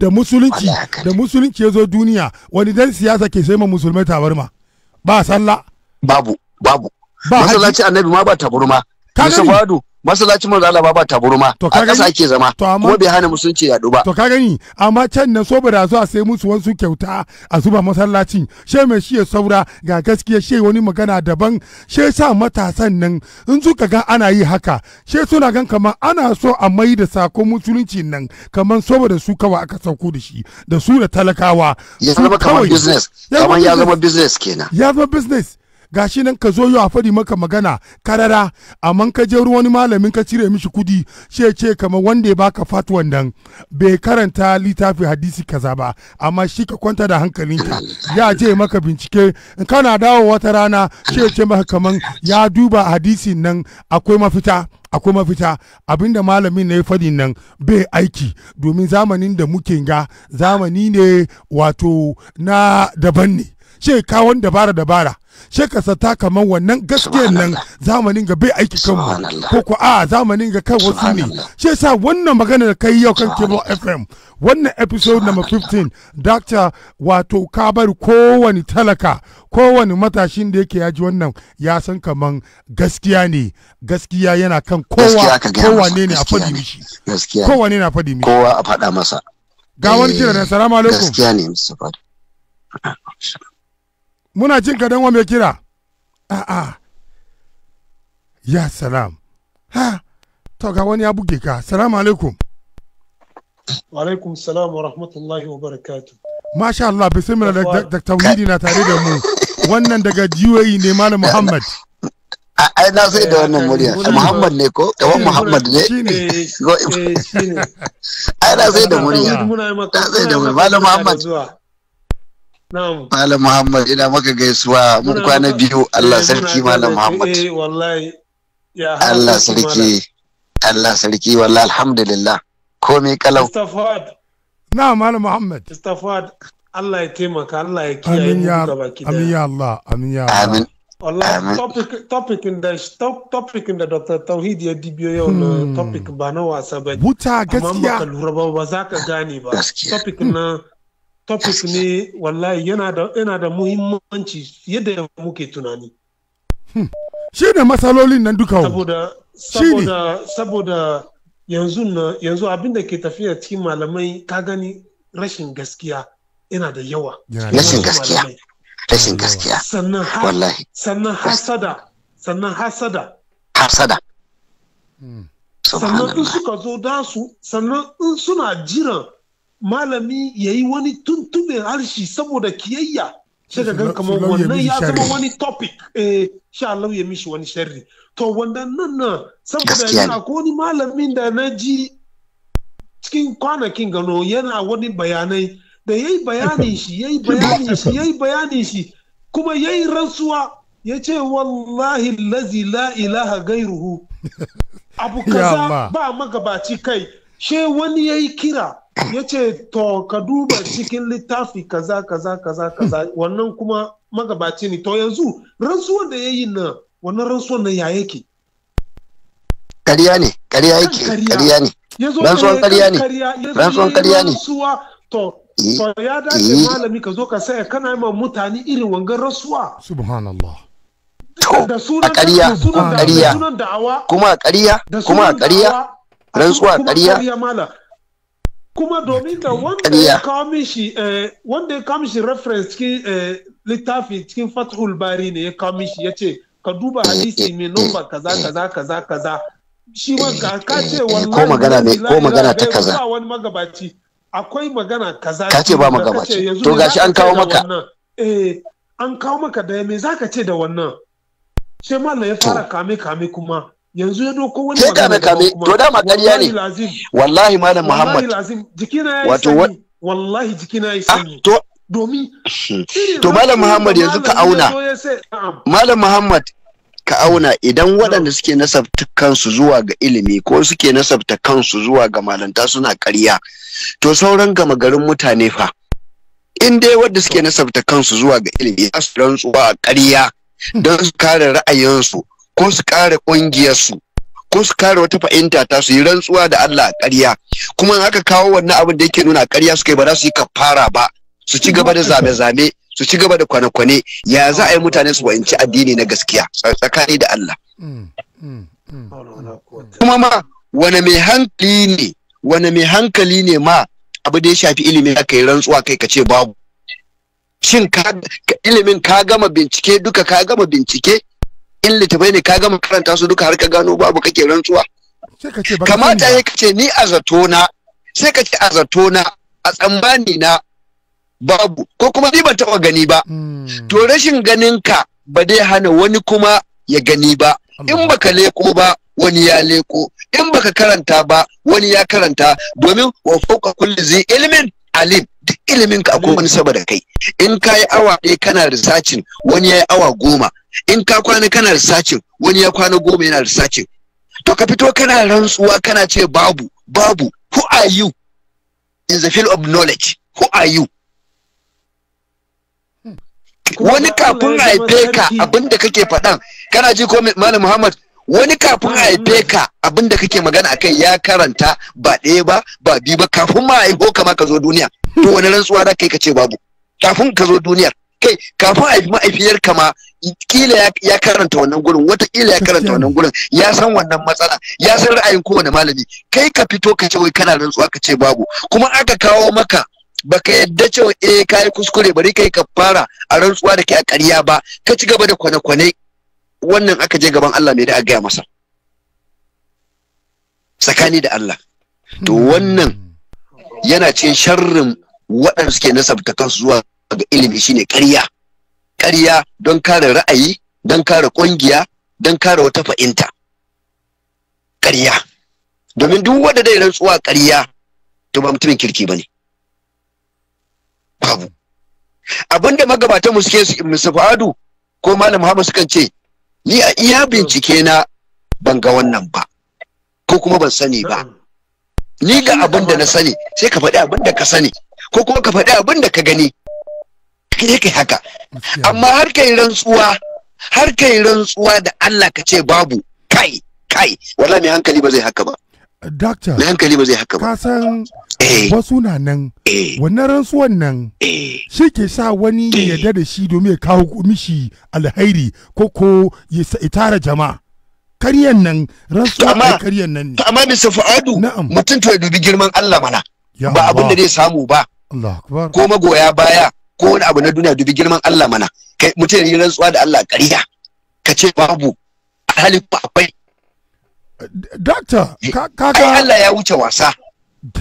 da musulunci da musulunci ya zo duniya wani dan siyasa ke sai ma musulmai tabarma ba sallah babu babu masallaci annabi ma ba tabarma musa fadu masallacin manzo Allah ba ba taburma a ƙasa ake zama kuma bai hana musulunci yaɗu ba to ka gani amma can nan so da zuwa sai musu wasu kyauta a zuba masallacin she mai shi ya saura ga gaskiya she wani magana daban she sa matasan nan in suka ga ana yi haka she suna gan kamar ana so a mai da sakon musulunci nan kamar saboda su kawai aka sauko da shi da su da talakawa ya zama kamar business kamar ya zama business kenan ya zama business gashi nan ka zo yau a faɗi maka magana karara amma ka je ruwan malamin ka cire mishi kudi she ce kamar wanda ya baka fatuwan nan bai karanta littafi hadisi kaza ba amma shi ka kwanta da hankalinka ya je maka bincike in kana dawo wata rana ya ce maka kamar ya duba hadisin nan akwai mafita akwai mafita abinda malamin na ya faɗi nan bai aiki domin zamanin da muke ga zamani ne wato na daban ne ce kawon dabara dabara she ka sata kamar wannan gaskiyar nan zamanin ga bai aiki kanmu ko ko a zamanin ga kan wasu ne she sa wannan magana da kai yau kan kebo fm wannan episode number 15 doctor wato ka bar kowani talaka kowani matashin da yake yaji wannan ya san kaman gaskiya ne gaskiya yana kan kowa kowa ne a faɗi mishi kowa ne a faɗi mishi kowa a fada masa ga wani kira da eh, salamu alaikum gaskiya ne muna jin ka wa mai kira a'a ya salam ha to ga wani ya buge ka salamu alaikum alaikum salam wa rahmatullahi wa barakatu masha Allah bismillah da tauhidi na tare da mu wannan daga jiyoyi ne malam muhammad ai na sai da wannan murya muhammad ne ko kamar eh, muhammad eh, ne ai na sai da murya na sai da murya malam muhammad Malam Muhammad ina maka gaisuwa mun kwana biyu Allah eh, sarki Malam Muhammad. Allah sarki. Allah sarki wallahi alhamdulillah. Komai kalau. Na Malam Muhammad. Istafad Allah ya taimaka Allah ya kiyaye mu gaba ki Amin ya Allah amin ya Allah. Amin. Wallahi topic topicin da in da Dr. Tauhid ya dibiyo yau na hmm. topic ba na wasa ba. Wuta gaskiya. Amma baka lura ba ba za ka gane ba. Topicin na topic ne wallahi yana da yana da muhimmanci yadda muke tunani hmm. shi ne matsalolin nan duka saboda saboda saboda yanzu na yanzu abin da ke tafiya cikin malamai ka gani rashin gaskiya yana da yawa rashin gaskiya rashin gaskiya sannan wallahi sannan hasada sannan hasada hasada hmm. sannan in suka zo da su sannan in suna jiran malami ya yi wani tuntube harshe saboda kiyayya sai ka gan kamar wannan ya zama wani topic eh sha Allah mishi wani sharri to wannan nan nan saboda yana ko wani malamin da na ji cikin kwanakin gano yana wani bayanai da yayi bayanin shi yayi bayanin shi yayi bayanin shi kuma yayi rasuwa ya ce wallahi lazi la ilaha gairuhu abu kaza ba magabaci kai she wani yayi kira ya ce to ka duba cikin littafi kaza kaza kaza kaza wannan kuma magabaci ne to yanzu rantsuwar da ya yi na wannan rantsuwar na ya yake ƙarya ne ƙarya yake ƙarya ne rantsuwar ƙarya ne rantsuwar ƙarya ne to eh, to ya dace eh. malami ka zo ka saya kana ma mutane irin wangan rantsuwa subhanallah da sunan ƙarya ƙarya kuma ƙarya kuma ƙarya rantsuwa ƙarya kuma domin ka eh, wanda ya kawo shi wanda ya kawo reference cikin eh, littafi cikin fathul bari ne ya kawo mishi ya ce ka duba hadisi mai nomba kaza kaza kaza kaza shi wanka ka ce wallahi ko magana ne ko magana ta kaza ba wani magabaci akwai magana kaza ka ce ba magabaci to gashi an kawo maka eh an kawo maka da me zaka ce da wannan sai mallam ya fara kame kame kuma yanzu ya doko wani magana kame kame to dama ƙarya ne wallahi malam muhammad wato wallahi jikina ya ah, sanyi to domin to malam muhammad yanzu ka auna malam muhammad ka auna idan waɗanda suke nasabta kansu zuwa ga ilimi ko suke nasabta kansu zuwa ga malanta suna ƙarya to sauran gama garin mutane fa in dai wadda suke nasabta kansu zuwa ga ilimi za su rantsuwa a ƙarya don su kare ra'ayinsu ko su kare ƙungiyarsu ko su kare wata fa'inta ta su yi rantsuwa da Allah ƙarya kuma in kawo wannan abin da yake nuna ƙarya suka yi ba za su yi kafara ba su ci gaba da zame-zame su ci gaba da kwane-kwane ya za a yi mutane su wayanci addini na gaskiya tsakani da Allah mm, mm, mm. kuma ma wane mai hankali ne wane mai hankali ne ma abu da ya shafi ilimi na yi rantsuwa kai ka ce babu shin ilimin ka gama bincike duka ka gama bincike in litafai ne ka gama karanta su duka har ka gano babu kake rantsuwa kamata ya kace ni a na, sai ka ce a na, a tsambani na babu ko kuma ni ban taba gani ba hmm. to rashin ganin ka ba dai hana wani kuma ya gani ba in baka leko ba wani ya leko in baka karanta ba wani ya karanta domin wa fauka kulli zai ilmin alim duk iliminka akwai wani mm. saba da kai in ka yi awa ɗaya kana risacin wani ya yi awa goma in ka kwana kana risacin wani ya kwana goma yana risacin to ka fito kana rantsuwa kana ce babu babu who are you in the field of knowledge who are you hmm. wani kafin a haife ka abinda kake faɗan kana ji ko malam muhammad wani kafin a ah, haife mm. ka abinda kake magana a kai ya karanta ba ɗaya ba ba biyu ba kafin ma haifo ka ma ka zo duniya to wani rantsuwa da kai ka ce babu kafin ka zo duniya, kai kafin a ka ma kila ya karanta wannan gurin wata kila ya karanta wannan gurin ya san wannan matsala ya san ra'ayin kowane malami kai ka fito ka ce wai kana rantsuwa ka ce babu kuma aka kawo maka baka yadda cewa eh kai kuskure bari kai ka fara a rantsuwa da ke a ƙarya ba ka ci gaba da kwane-kwane wannan aka je gaban Allah mai da aka gaya masa tsakani da Allah to hmm. wannan yana cikin sharrin waɗanda suke nasabta kansu zuwa ga ilimi shine ƙarya ƙarya don kare ra'ayi don kare ƙungiya don kare wata fa'inta ƙarya domin duk wanda dai rantsuwa ƙarya to ba mutumin kirki bane babu abinda magabatanmu suke su fa'adu ko malam Muhammad sukan ce ni a iya bincike na ban ga wannan ba ko kuma ban sani ba ni ga abin da na sani sai ka faɗi abin da ka sani ko kuma ka faɗi abin da ka gani kai kai haka amma har kai rantsuwa har kai rantsuwa da Allah ka ce babu kai kai wallahi mai hankali ba zai haka ba Doctor, na hankali ba zai haka ba. Kasan eh. wasu na nan, eh. wannan rantsuwan nan eh. shi ke sa wani ya yarda da shi domin ya kawo mishi alhairi ko ko ya tara jama'a. Karyan nan, rantsuwa a karyan nan ne. Amma Mr. Fu'adu, mutum to ya dubi girman Allah mana. Ba abin da zai samu ba. Ko magoya baya, ko wani abu na duniya dubi girman Allah mana. Kai mutum ya yi rantsuwa da Allah kariya. Ka ce babu, alhali ko akwai. doctor kaka eh, Ai Allah ya wuce wasa.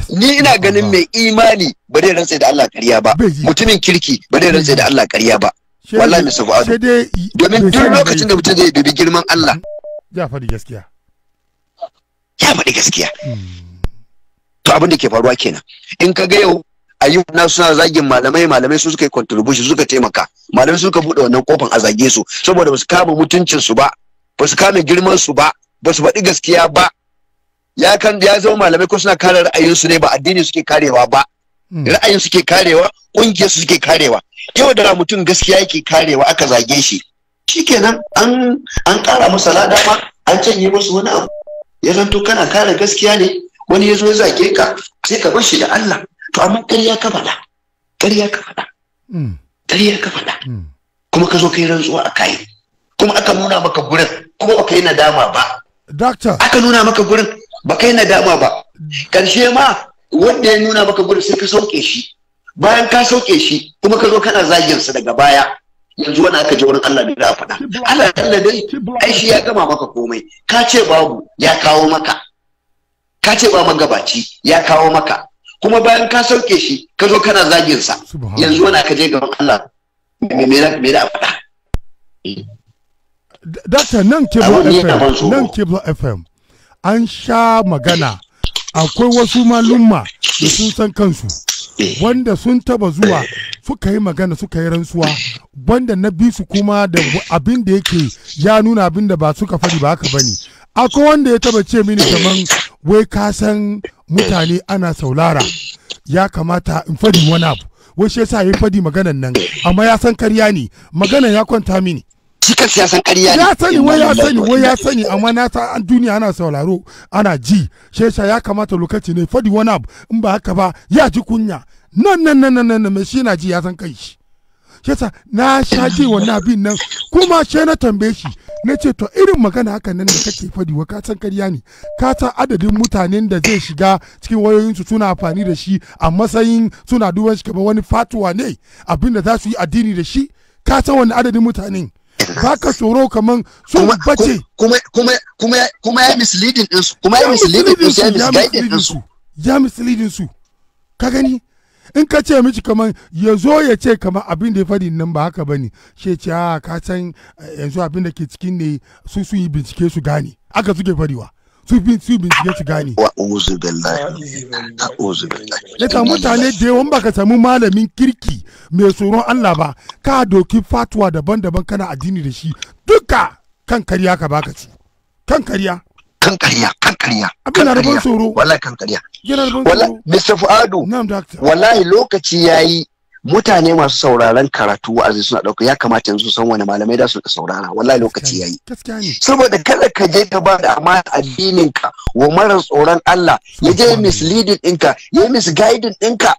Ni ina ganin mai imani ba zai rantse da Allah ƙarya ba. Mutumin kirki ba zai rantse da Allah ƙarya ba. Wallahi Mr. Fuadu. Domin duk lokacin da mutum zai dubi girman Allah. Ya faɗi gaskiya. Ya faɗi gaskiya. Hmm. To abin da ke faruwa kenan. In ka ga yau na suna zagin malamai malamai su suka yi contribution suka taimaka malamai suka buɗe wannan kofin a zage su saboda ba su kama mutuncin su ba ba su kama girman su ba ba su faɗi gaskiya ba ya kan ya zama malamai ko suna kare ra'ayinsu ne ba addini suke karewa ba hmm. ra'ayin suke karewa kungiyar su suke karewa yau da mutum gaskiya yake karewa aka zage shi shikenan an an ƙara masa lada ma an canye musu wani abu ya zanto kana kare gaskiya ne wani ya zo ya zage ka sai ka bar shi da Allah to amma ƙarya ka faɗa ƙarya ka faɗa hmm. ƙarya ka faɗa hmm. kuma ka zo kai rantsuwa a kai kuma aka nuna maka gurin kuma baka yi nadama ba Doctor. Aka nuna maka gurin ba kai na dama ba. Karshe ma wanda ya nuna maka gurin sai ka sauke shi. Bayan ka sauke shi kuma ka zo kana zagin sa daga baya. Yanzu wani aka je wurin Allah ne da a faɗa. Allah Allah dai ai shi ya gama maka komai. Ka ce babu ya kawo maka. Ka ce ba magabaci ya kawo maka. Kuma bayan ka sauke shi ka zo kana zagin sa. Yanzu wani aka je gaban Allah. Me da faɗa. dakta nan kibla fm nan kibla fm an sha magana akwai wasu malumma da sun san kansu eh. wanda sun taba zuwa eh. suka yi magana suka yi rantsuwa wanda na bi su kuma da abin da yake ya nuna abin da ba suka faɗi ba haka bane akwai wanda ya taba ce mini kaman wai ka san mutane ana saulara ya kamata in faɗi wani abu wai shi yasa yi faɗi maganan nan eh. amma ya san karya ne magana ya kwanta mini shi siyasan ƙarya ne ya sani wai ya sani wai ya sani amma na ta an duniya ana sauraro ana ji shesha ya kamata lokaci ne fadi wani abu in ba haka ba ya ji kunya nan nan nan nan nan mai shi na ji ya san kai shi shesha na sha ji wannan abin nan kuma she na tambaye shi na ce to irin magana hakan nan da kake fadi wa ka san ƙarya ne ka san adadin mutanen da zai shiga cikin wayoyinsu suna amfani da shi a matsayin suna duban shi kamar wani fatuwa ne abin da za su yi addini da shi ka san wani adadin mutanen baka tsoro kaman su bace kuma kuma kuma kuma ya misleading din su kuma ya misleading din su ya misleading din su ya misleading su ka gani in ka ce miki kaman ya zo ya ce kaman abin da ya faɗi nan ba haka bane she ce a ah, ka san eh, yanzu abin da ke cikin ne su su yi bincike su gane aka suke fadiwa tubin tubin ya ci gane wa uzu billahi uzu billahi leta mutane da yawan baka samu malamin kirki mai tsoron Allah ba ka doki fatuwa daban-daban kana addini da shi duka kan kariya ka baka ci kan kariya kan kariya kan kariya abin na rabon tsoro wallahi kan kariya yana Mr Fuadu wallahi lokaci yayi mutane masu sauraron karatu wa'azi suna ɗauka ya kamata yanzu san wani malamai da su ka saurara wallahi lokaci yayi saboda kada ka je ka ba da amana addinin ka wa mara tsoron Allah ya je misleading ɗinka ya misguiding ɗinka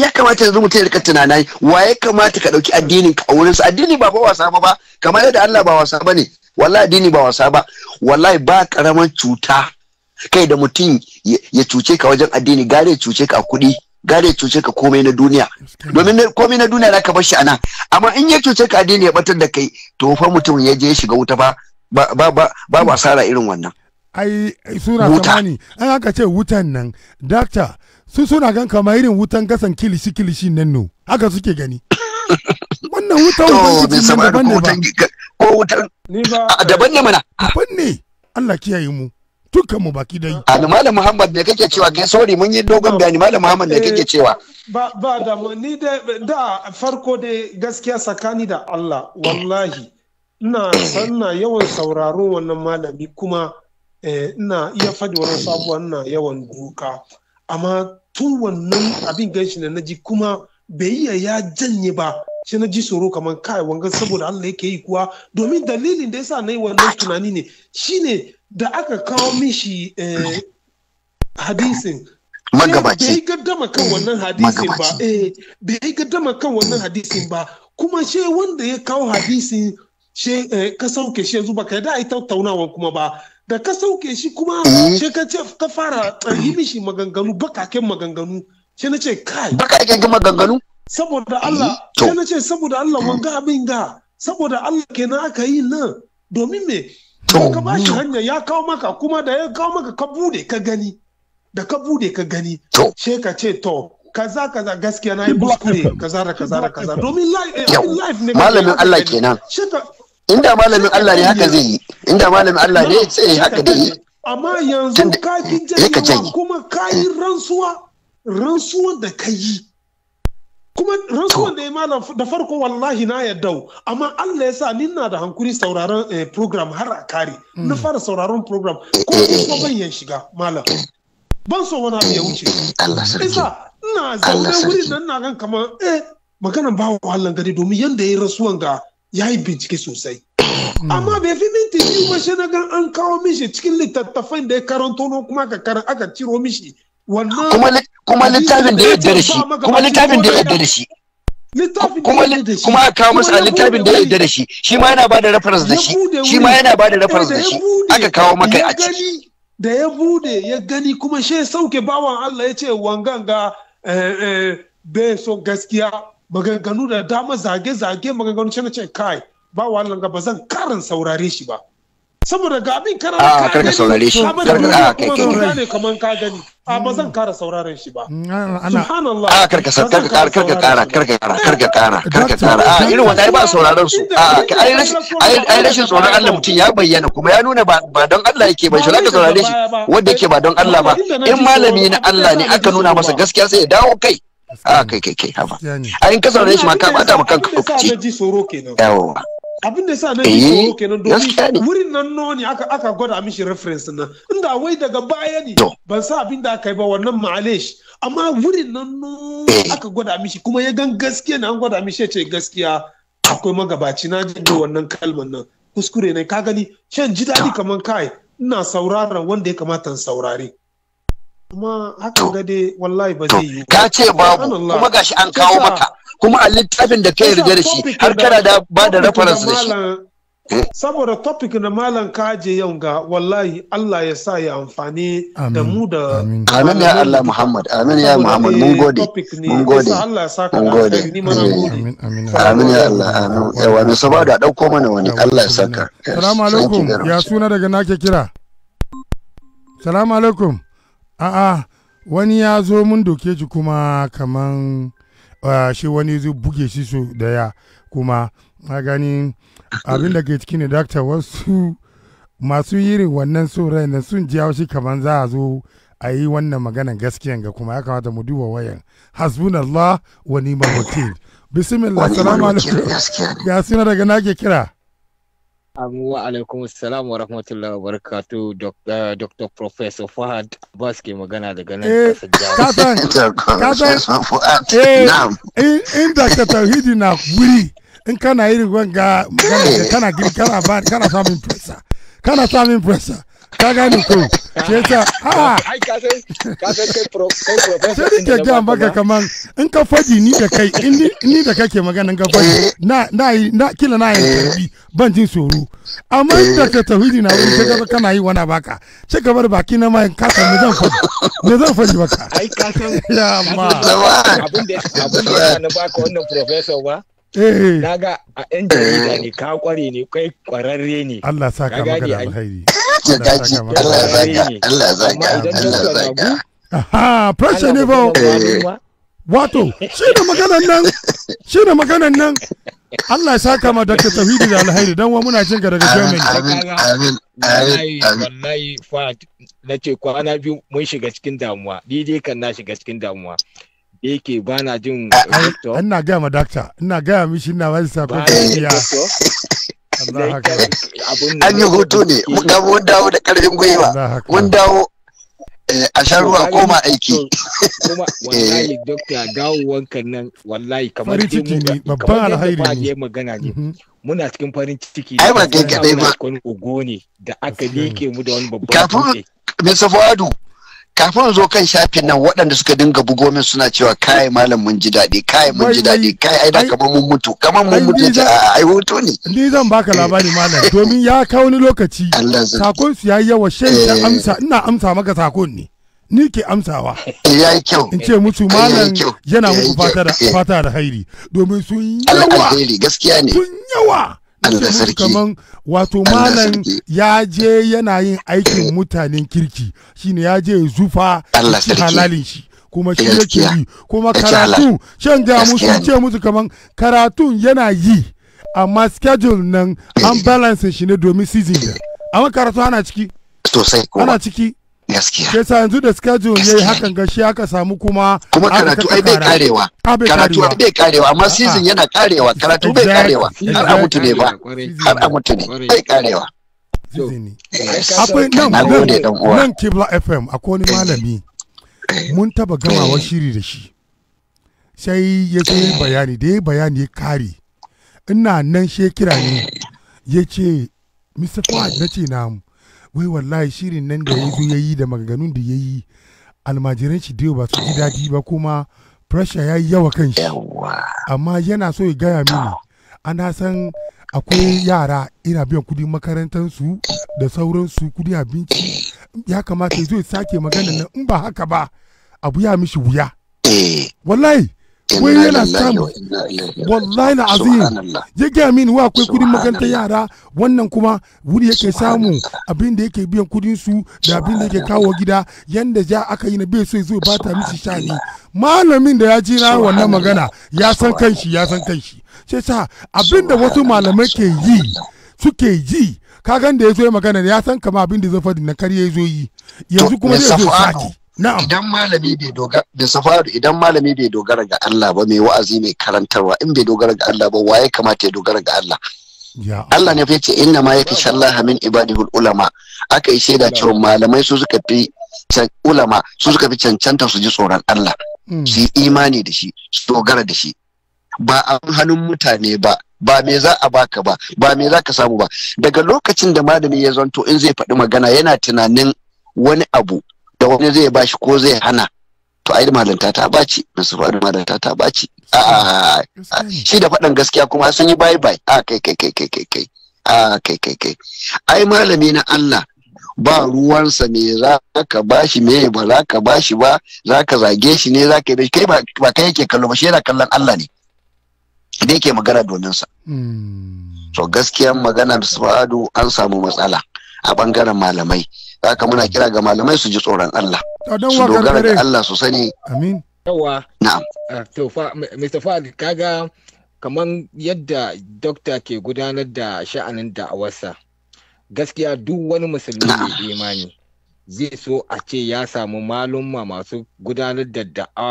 ya kamata yanzu mutum ya rika tunanai wa ya kamata ka ɗauki addinin ka a wurin su addini ba ba wasa ba kamar yadda Allah ba wasa ba ne wallahi addini ba wasa ba wallahi ba karaman cuta kai da mutum ya cuce ka wajen addini gare cuce ka a kuɗi gare cuce ka komai na duniya domin komai na duniya zaka bar shi a amma in ya cuce ka addini ya batar da kai to fa mutum ya je shiga wuta ba ba ba ba ba sara irin wannan ai suna tsammani an aka ce wutan nan doctor su suna gan kamar irin wutan kasan kilishi kilishi nan no haka suke gani wannan wutan ubangiji nan daban ne ba ko wutan daban ne mana daban ne Allah kiyaye mu dukkan mu baki dai ah, malam muhammad ne kake cewa kai sorry mun yi dogon bayani malam muhammad ne kake cewa eh, ba ba da ni da da farko dai gaskiya sakani da Allah wallahi ina sanna yawan sauraron wannan malami kuma eh, ina iya fadi wannan sabuwa ina yawan duka amma tun wannan abin ganshi na naji kuma bai iya ya janye ba shi na ji tsoro kamar kai wanga saboda Allah yake yi kuwa domin dalilin da yasa na yi wannan tunani ne shine da aka kawo mishi eh, hadisin bai gaddama kan wannan hadisin ba eh, bai gaddama kan wannan hadisin ba kuma she wanda ya kawo hadisin she eh, ka sauke shi yanzu kai da ai tattaunawa kuma ba da ka sauke shi kuma she ka ce ka fara yi mishi maganganu bakaken maganganu she na ce kai bakaken maganganu saboda Allah she na ce saboda Allah wanga abin ga saboda Allah kenan aka yi nan domin me ka ba shi hanya ya kawo maka kuma da ya kawo maka ka bude ka gani da ka bude ka gani she ka ce to kaza kaza gaskiya na yi kuskure kaza da kaza da kaza domin eh, life ne malamin Allah kenan inda malamin Allah ne haka zai yi inda malamin Allah ne sai haka dai yi amma yanzu ka bi kuma ka yi rantsuwa rantsuwan da ka yi kuma rasuwan da ya malam da farko wallahi na ya dau amma Allah ya sa ni na da hankuri sauraron eh, program har a kare hmm. na fara sauraron program ko kuma ban yan shiga malam ban so wani abu ya wuce isa ina zaune wurin nan na gan kamar eh maganan ba wahalan gari domin yanda ya rasuwan ga ya yi bincike sosai hmm. amma bai fi minti biyu ba shi na gan an kawo mishi cikin littattafan da ya karanto kuma aka ciro mishi wannan kuma littafin da yadda da shi kuma littafin da yadda da shi kuma kuma aka kawo masa littafin da yadda da shi shi ma yana bada reference da shi shi ma yana bada reference da shi aka kawo maka a ciki da ya bude ya gani kuma she sauke bawan Allah ya ce wanganga eh, eh, bai so gaskiya maganganu da dama zage-zage maganganu ce na ce kai ba wannan ga ba zan karin saurare shi ba saboda ga abin karar ah, ka saurare shi karar ah, kai kai kaman ka gani a ba zan kara sauraron shi ba mm, subhanallah a karka sa karka kara karka kara karka kara karka kara karka kara a irin wanda ai ba sauraron su a ai rashin ai rashin tsoron Allah mutum ya bayyana kuma ya nuna ba don Allah yake ba shi zaka saurare shi wanda yake ba don Allah ba in malami na Allah ne aka nuna masa gaskiya sai ya dawo kai a kai kai kai haba a in ka saurare shi ma ka bata ma kanka lokaci yawa abin da sa na yi eh, tsoro kenan domin wurin nan noni aka aka gwada mishi reference nan inda wai daga baya ne ban sa abin da aka yi ba wannan malesh amma wurin nan eh. aka gwada mishi kuma ya gan gaskiya na an gwada mishi ce gaskiya akwai magabaci na ji wannan kalman nan kuskure ne ka gani shan ji daɗi ah. kamar kai ina sauraron wanda ya kamata in saurare amma haka gade wallahi ba zai yi ka ce babu kuma gashi an kawo maka kuma a littafin da ka yarda da shi har kana da ba da reference da shi eh? saboda topic na malam kaje yau ga wallahi Allah ya sa ya amfani da mu da amin ya Allah Muhammad amin ya Muhammad mun gode mun gode mun gode eh. amin ya Allah amin yawa ne saboda dauko mana wani Allah ya saka assalamu alaikum ya suna daga nake kira assalamu alaikum a'a wani ya zo mun doke ji kuma kaman uh, shi wani zai buge shi da ya, kuma na gani abin da ke cikin dakta wasu masu yiri wannan so rai na sun ji shi kamar za a zo a yi wannan maganan gaskiyan ga kuma ya kamata mu duba wayan hasbunallah wa ni'mal wakil bismillah salamu alaikum ga suna daga nake kira Wa alaikum salam wa rahmatullahi wa barakatu Dr. Eh, Professor Fahad Abbas ke magana daga nan kasar eh, Jamus. Eh, in Dr. Tauhidi na wuri in kana yi rigon ga kana kana samun presa. kana samun presa. ka gane ko ke ha! a ai ka sai ka sai kai sai ke kaman in ka faji ni da kai in ni da kake magana ka faji na na na kila na yi tarbi ban jin tsoro amma in da ka tauhidi na wuri ka gaba kana yi wani baka sai ka bar baki na mai ka san me zan faji me zan faji baka ai ka san ya ma abin da abin da na baka wannan professor ba eh. Naga a 'yan jarida ne ka kware ne kai kwararre ne. Allah sa ka maka da alkhairi. ce daji Allah ya Allah aha pressure ne eh. wato shi da maganan nan Allah ya saka ma Dr. Tawhidi da alhairi dan wa muna jinka daga Germany amin amin wallahi fat nace kwana biyu mun shiga cikin damuwa dai kan na shiga cikin damuwa yake ba na jin ina gaya ma doctor ina gaya mishi ina wasa ko gajiya an yi hutu ne mun mun dawo da karfin gwiwa mun dawo eh, a shan ruwa koma aiki kuma eh. wallahi dokta nan wallahi kamar babban alhairi ne mm-hmm. muna cikin farin ciki ai ba kai ne da aka leke mu da wani babban kafin Mr. kafin zo kan shafin nan waɗanda suka dinga bugo min suna cewa kai malam mun ji daɗi kai mun ji daɗi kai ai da kamar mun mutu kamar mun mutu a ai hoto ne ni zan baka labari malam eh. domin ya kawo ni lokaci sakon su yayi yawa shan da eh. amsa ina amsa maka sakon ne ni ke amsawa eh, yi kyau in ce musu malam yana muku fata da fata da hairi domin sun yawa gaskiya ne sun yawa Allah sarki kaman wato malam ya je yana yin aikin mutanen kirki shine ya je zufa Allah halalin shi kuma shi eh, yake yi kuma karatu shan ga musu ce musu kaman karatun yana yi amma schedule nan an eh. balance shi ne domin season da amma karatu ana ciki sosai ana ciki gaskiya yasa yanzu da schedule yayi hakan ga shi aka samu kuma kuma karatu ai bai karewa karatu ai bai karewa amma season yana karewa karatu bai karewa har a mutu ne ba har a mutu ne bai karewa akwai nan nan kibla fm akwai wani eh. malami eh. mun taba gamawa eh. shiri da shi sai ya yi bayani da ya bayani ya kare ina nan shekira ne ya ce mr fahad na ce namu wai wallahi shirin nan da ya zo ya yi da maganganun da ya yi almajiran shi da ba su ji daɗi ba kuma pressure ya yi yawa kan shi amma yana so ya gaya mini ana san akwai yara ina biyan kudin makarantarsu da sauransu kudin abinci ya kamata ya zo zai sake magana nan in ba haka ba abu ya mishi wuya eh. wallahi wai yana samu wallahi na azim ya gaya min wa akwai kudin makarantar yara wannan kuma wuri yake samu abin da yake biyan kudin su da abin da yake kawo gida yanda ja aka yi na bai so zo ta mishi shani malamin da ya ji na wannan magana ya san kanshi ya san kanshi sai sa abin da wasu malamai ke yi suke yi kagan da ya zo magana ya san kama abin da zai na kar ya zo yi yanzu kuma zai zo saki idan malami bai dogara da safaru idan malami bai dogara ga Allah ba mai wa'azi mai karantarwa in bai dogara ga Allah ba waye kamata ya dogara ga Allah Allah ne fice inna ma yake shallaha min ibadihul ulama aka yi shaida cewa malamai su suka fi ulama su suka fi cancanta su ji tsoron Allah hmm. su yi imani da shi su dogara da shi ba a hannun mutane ba ba me za a baka ba ba me za ka samu ba daga lokacin da malami ya zanto in zai faɗi magana yana tunanin wani abu da wani zai bashi ko zai hana to ai malanta ta baci su faɗi malanta ta baci a shi da faɗin gaskiya kuma sun yi bye bye a kai kai kai kai kai kai a kai kai kai ai malami na Allah ba ruwansa me za ka bashi me ba za ka bashi ba za ka zage shi ne za ka yi kai ba kai yake kallo ba shi yana kallon Allah ne da yake magana domin sa hmm. to gaskiyan magana su an samu matsala a bangaren malamai haka muna kira ga malamai su ji tsoron Allah su dogara ga Allah su sani amin yawa na'am ah, to fa Mr. Fad kaga kaman yadda dokta ke gudanar da sha'anin da'awarsa gaskiya duk wani musulmi mai imani zai so a ce ya samu malumma masu gudanar da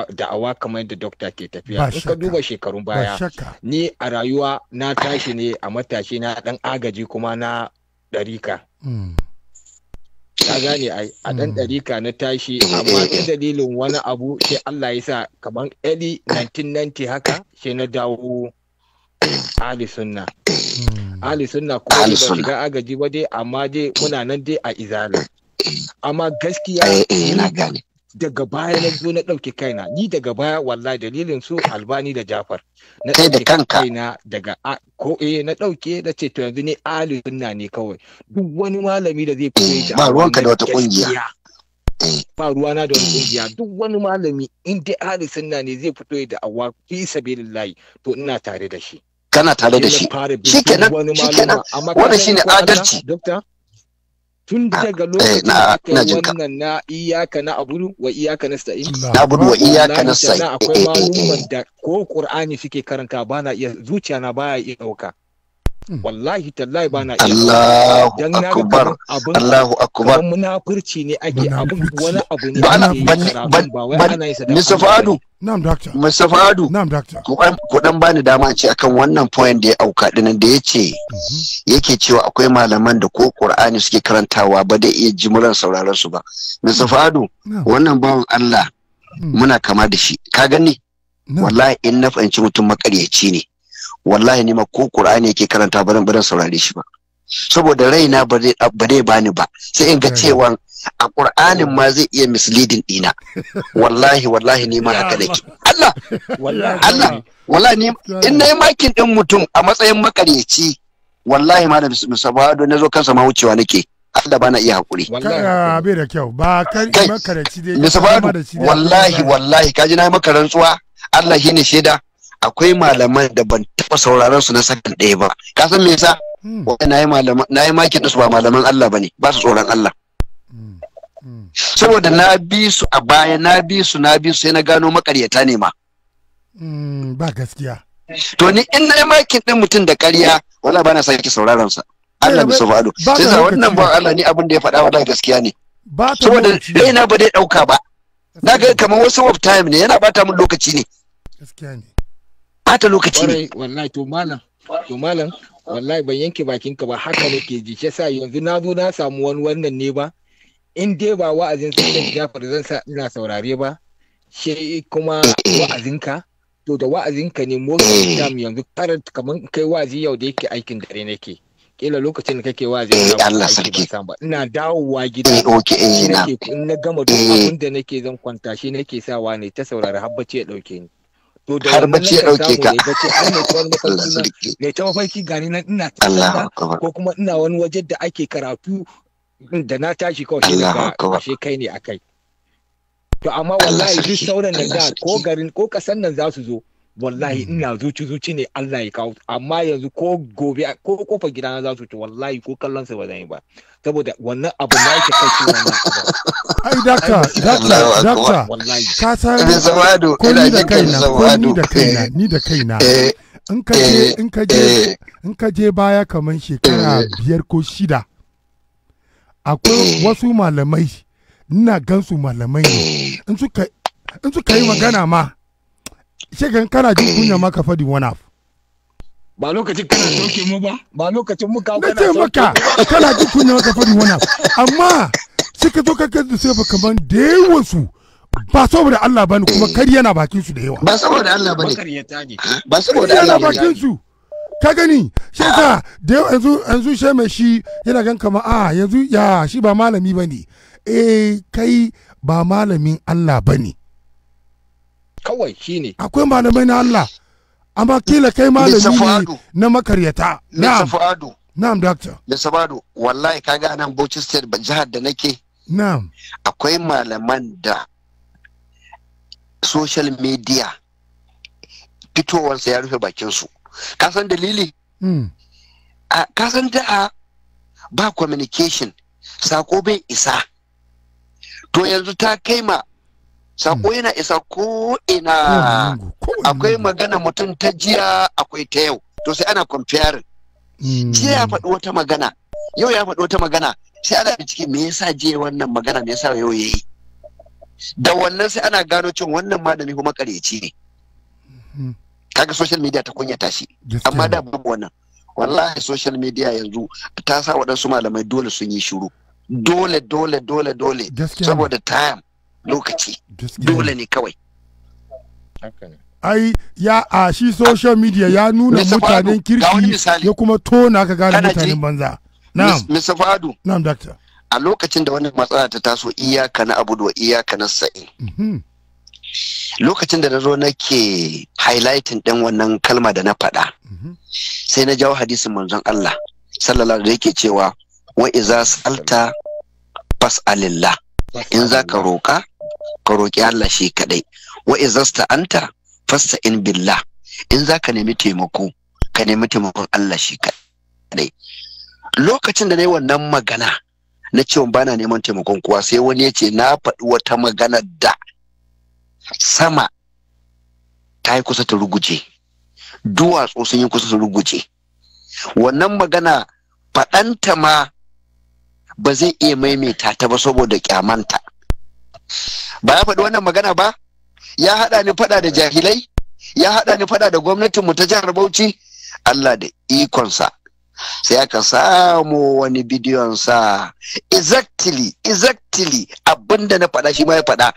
da'awa kamar yadda dokta ke tafiya in ka duba shekarun baya ni a rayuwa na tashi ne a matashi na dan agaji kuma na ɗarika hmm. ka gane a ɗan mm. ɗarika na tashi eh, amma eh, ta eh. dalilin wani abu sai Allah ya sa kamar eli 1990 haka sai na dawo Ali Sunna. Mm. Ali Sunna kuma ba shiga agaji ba dai amma dai muna nan dai a izala. Amma gaskiya daga baya na zo na ɗauke kaina ni daga baya wallahi dalilin su albani da jafar na ɗauke kaina daga ko eh na ɗauke na ce to yanzu ni ahli sunna ne kawai duk wani malami da zai koyi eh, ba ruwanka da wata kungiya eh. ba ruwana da wata kungiya eh. duk wani malami in dai ahli sunna ne zai fito da awa fi sabilillahi to ina tare da shi kana tare da shi shikenan shikenan wannan shine adalci tun ah, daga eh, lokacin da aka wannan na iyaka na abudu wa iyaka na sa'i na abudu wa iyaka na sa'i akwai eh, eh, maluman da ko qur'ani suke karanta bana iya zuciya na baya iya dauka Hmm. wallahi tallahi bana iya Allahu akbar Allahu akbar munafurci ne ake abun wani abu ne ba ba wai ana yi Mr. Fadu Na'am doctor Mr. Fadu Na'am doctor ku dan bani dama ce akan wannan point da ya auka dinan da yace mhm. yake cewa akwai malaman da ko Qur'ani suke karantawa ba da iya jimuran sauraron su ba Mr. Mm. Fadu wannan bawan Allah mm. muna kama da shi ka gani wallahi in na fahimci mutum makaryaci ne wallahi ni ma ko qur'ani yake karanta barin barin saurare shi ba saboda raina ba zai bani ba sai in ga cewa a qur'anin ma zai iya misleading dina wallahi wallahi ni ma haka nake Allah Allah wallahi ni in nayi makin din mutum a matsayin makaryaci wallahi ma da musabado nazo kansa ma wucewa nake Allah bana iya hakuri kana ah, bai da kyau ba kan makaryaci dai wallahi wallahi kaji na maka rantsuwa Allah shine shaida akwai malaman da ban taɓa sauraron su na sakan ɗaya ba ka san me yasa hmm. na yi na yi makin su ba malaman Allah bane ba su tsoron Allah hmm. Hmm. saboda na bi su a baya na bi su na bi su sai na gano makaryata ne ma ba gaskiya to ni in na yi makin ɗin mutum da ƙarya wala ba na sake sauraron sa Allah bisa faɗo sai sa wannan ba Allah ni abin da ya faɗa wala gaskiya ne saboda na ba dai ɗauka ba na ga kamar wasu of time ne yana bata min lokaci ne gaskiya ne bata lokaci ne wallahi to malam to malam wallahi ban yanke bakin ka ba haka nake ji shi sa yanzu na zo na samu wani wannan ne ba in dai ba wa'azin sai Jafar zan sa ina saurare ba shi kuma wa'azinka to da wa'azinka ne most of yanzu karar kaman kai wa'azi yau da yake aikin dare nake kila lokacin da kake wa'azi na eh, Allah sarki ina dawowa gida eh, eh, shi in na gama duk abin da nake zan kwanta shi nake sawa ne ta saurari habbace ya dauke ni to da har bacci ya dauke ka ne ta mafarki gani nan ina tsalla ko kuma ina wani waje da ake karatu da na tashi kawai shi daga ashe kai ne akai to amma wallahi duk sauran nan da ko garin ko kasan nan za su zo wallahi hmm. ina zuci zuci ne Allah ya kawo amma yanzu ko gobe ko kofa gida na za su ci wallahi ko kallon sa ba zan yi ba saboda wannan abu na yake kai wannan ai daka daka daka ka san ko ni da kaina ko ni da kaina ni da eh, kaina eh, in ka je eh, in ka je in ka je baya kaman shekara biyar ko shida akwai wasu malamai ina gansu malamai ne in suka in suka yi magana ma shekan kana jin kunya ka fadi wani abu ba lokacin kana eh. soke mu ba ba lokacin muka kana soke maka kana jin kunya ka fadi wani abu amma suka zo ka kai da sai kaman da yawan su ba saboda Allah bane kuma eh. kari yana bakin su da yawa ba saboda Allah bane ba saboda Allah yana bakin su ka gani shi yasa da yanzu yanzu shi mai shi yana gan kama a ah, yanzu ya shi ba malami ba ne." eh kai ba malamin Allah ba ne. kawai shine akwai malamai na Allah amma kila kai malami ne na makaryata na'am fuadu na'am doctor Mr. Fuadu wallahi kaga anan Bauchi State ba jihar da nake na'am akwai malaman da social media fitowarsa ya rufe bakin su ka san dalili mm. ka san da ba communication sako bai isa to yanzu ta kai ma sako hmm. yana isa ko ina akwai magana mutum ta jiya akwai ta yau to sai ana comparing hmm. jiya ya faɗi wata magana yau ya faɗi wata magana sai ana ciki me yasa jiya wannan magana me yasa yau yayi da wannan sai ana gano cin wannan ma da ni kuma kareci ne hmm. kaga social media ta kunyata shi amma da babu wannan wallahi social media yanzu ta sa waɗansu malamai dole sun yi shiru dole dole dole dole saboda time lokaci dole ne kawai ai ya a shi social media ya nuna mutanen kirki ya kuma tona ka gane mutanen banza na'am Mr. Fadu na'am doctor a lokacin da wannan matsala ta taso iyaka na abu da iyaka na sa'i mm-hmm. lokacin da na zo nake highlighting ɗin wannan kalma da na faɗa mm-hmm. sai na jawo hadisin manzon Allah sallallahu alaihi wasallam yake cewa wa iza salta fas'alillah in zaka roka ka roƙi Allah shi kaɗai wa izasta anta fasta in billah in za ka nemi taimako ka nemi taimakon Allah shi kaɗai lokacin da na yi wannan magana na ce ba na neman taimakon kuwa, sai wani ya ce na faɗi wata magana da sama ta yi kusa ta ruguje duwatsu sun yi kusa su ruguje wannan magana faɗanta ma ba zai iya maimaita ta ba saboda kyamanta ba ya faɗi wannan magana ba ya haɗa ni faɗa da jahilai ya haɗa ni faɗa da gwamnatin mu ta jihar Bauchi Allah da ikonsa sai aka samu wani bidiyon sa exactly exactly abinda na faɗa shi ma ya faɗa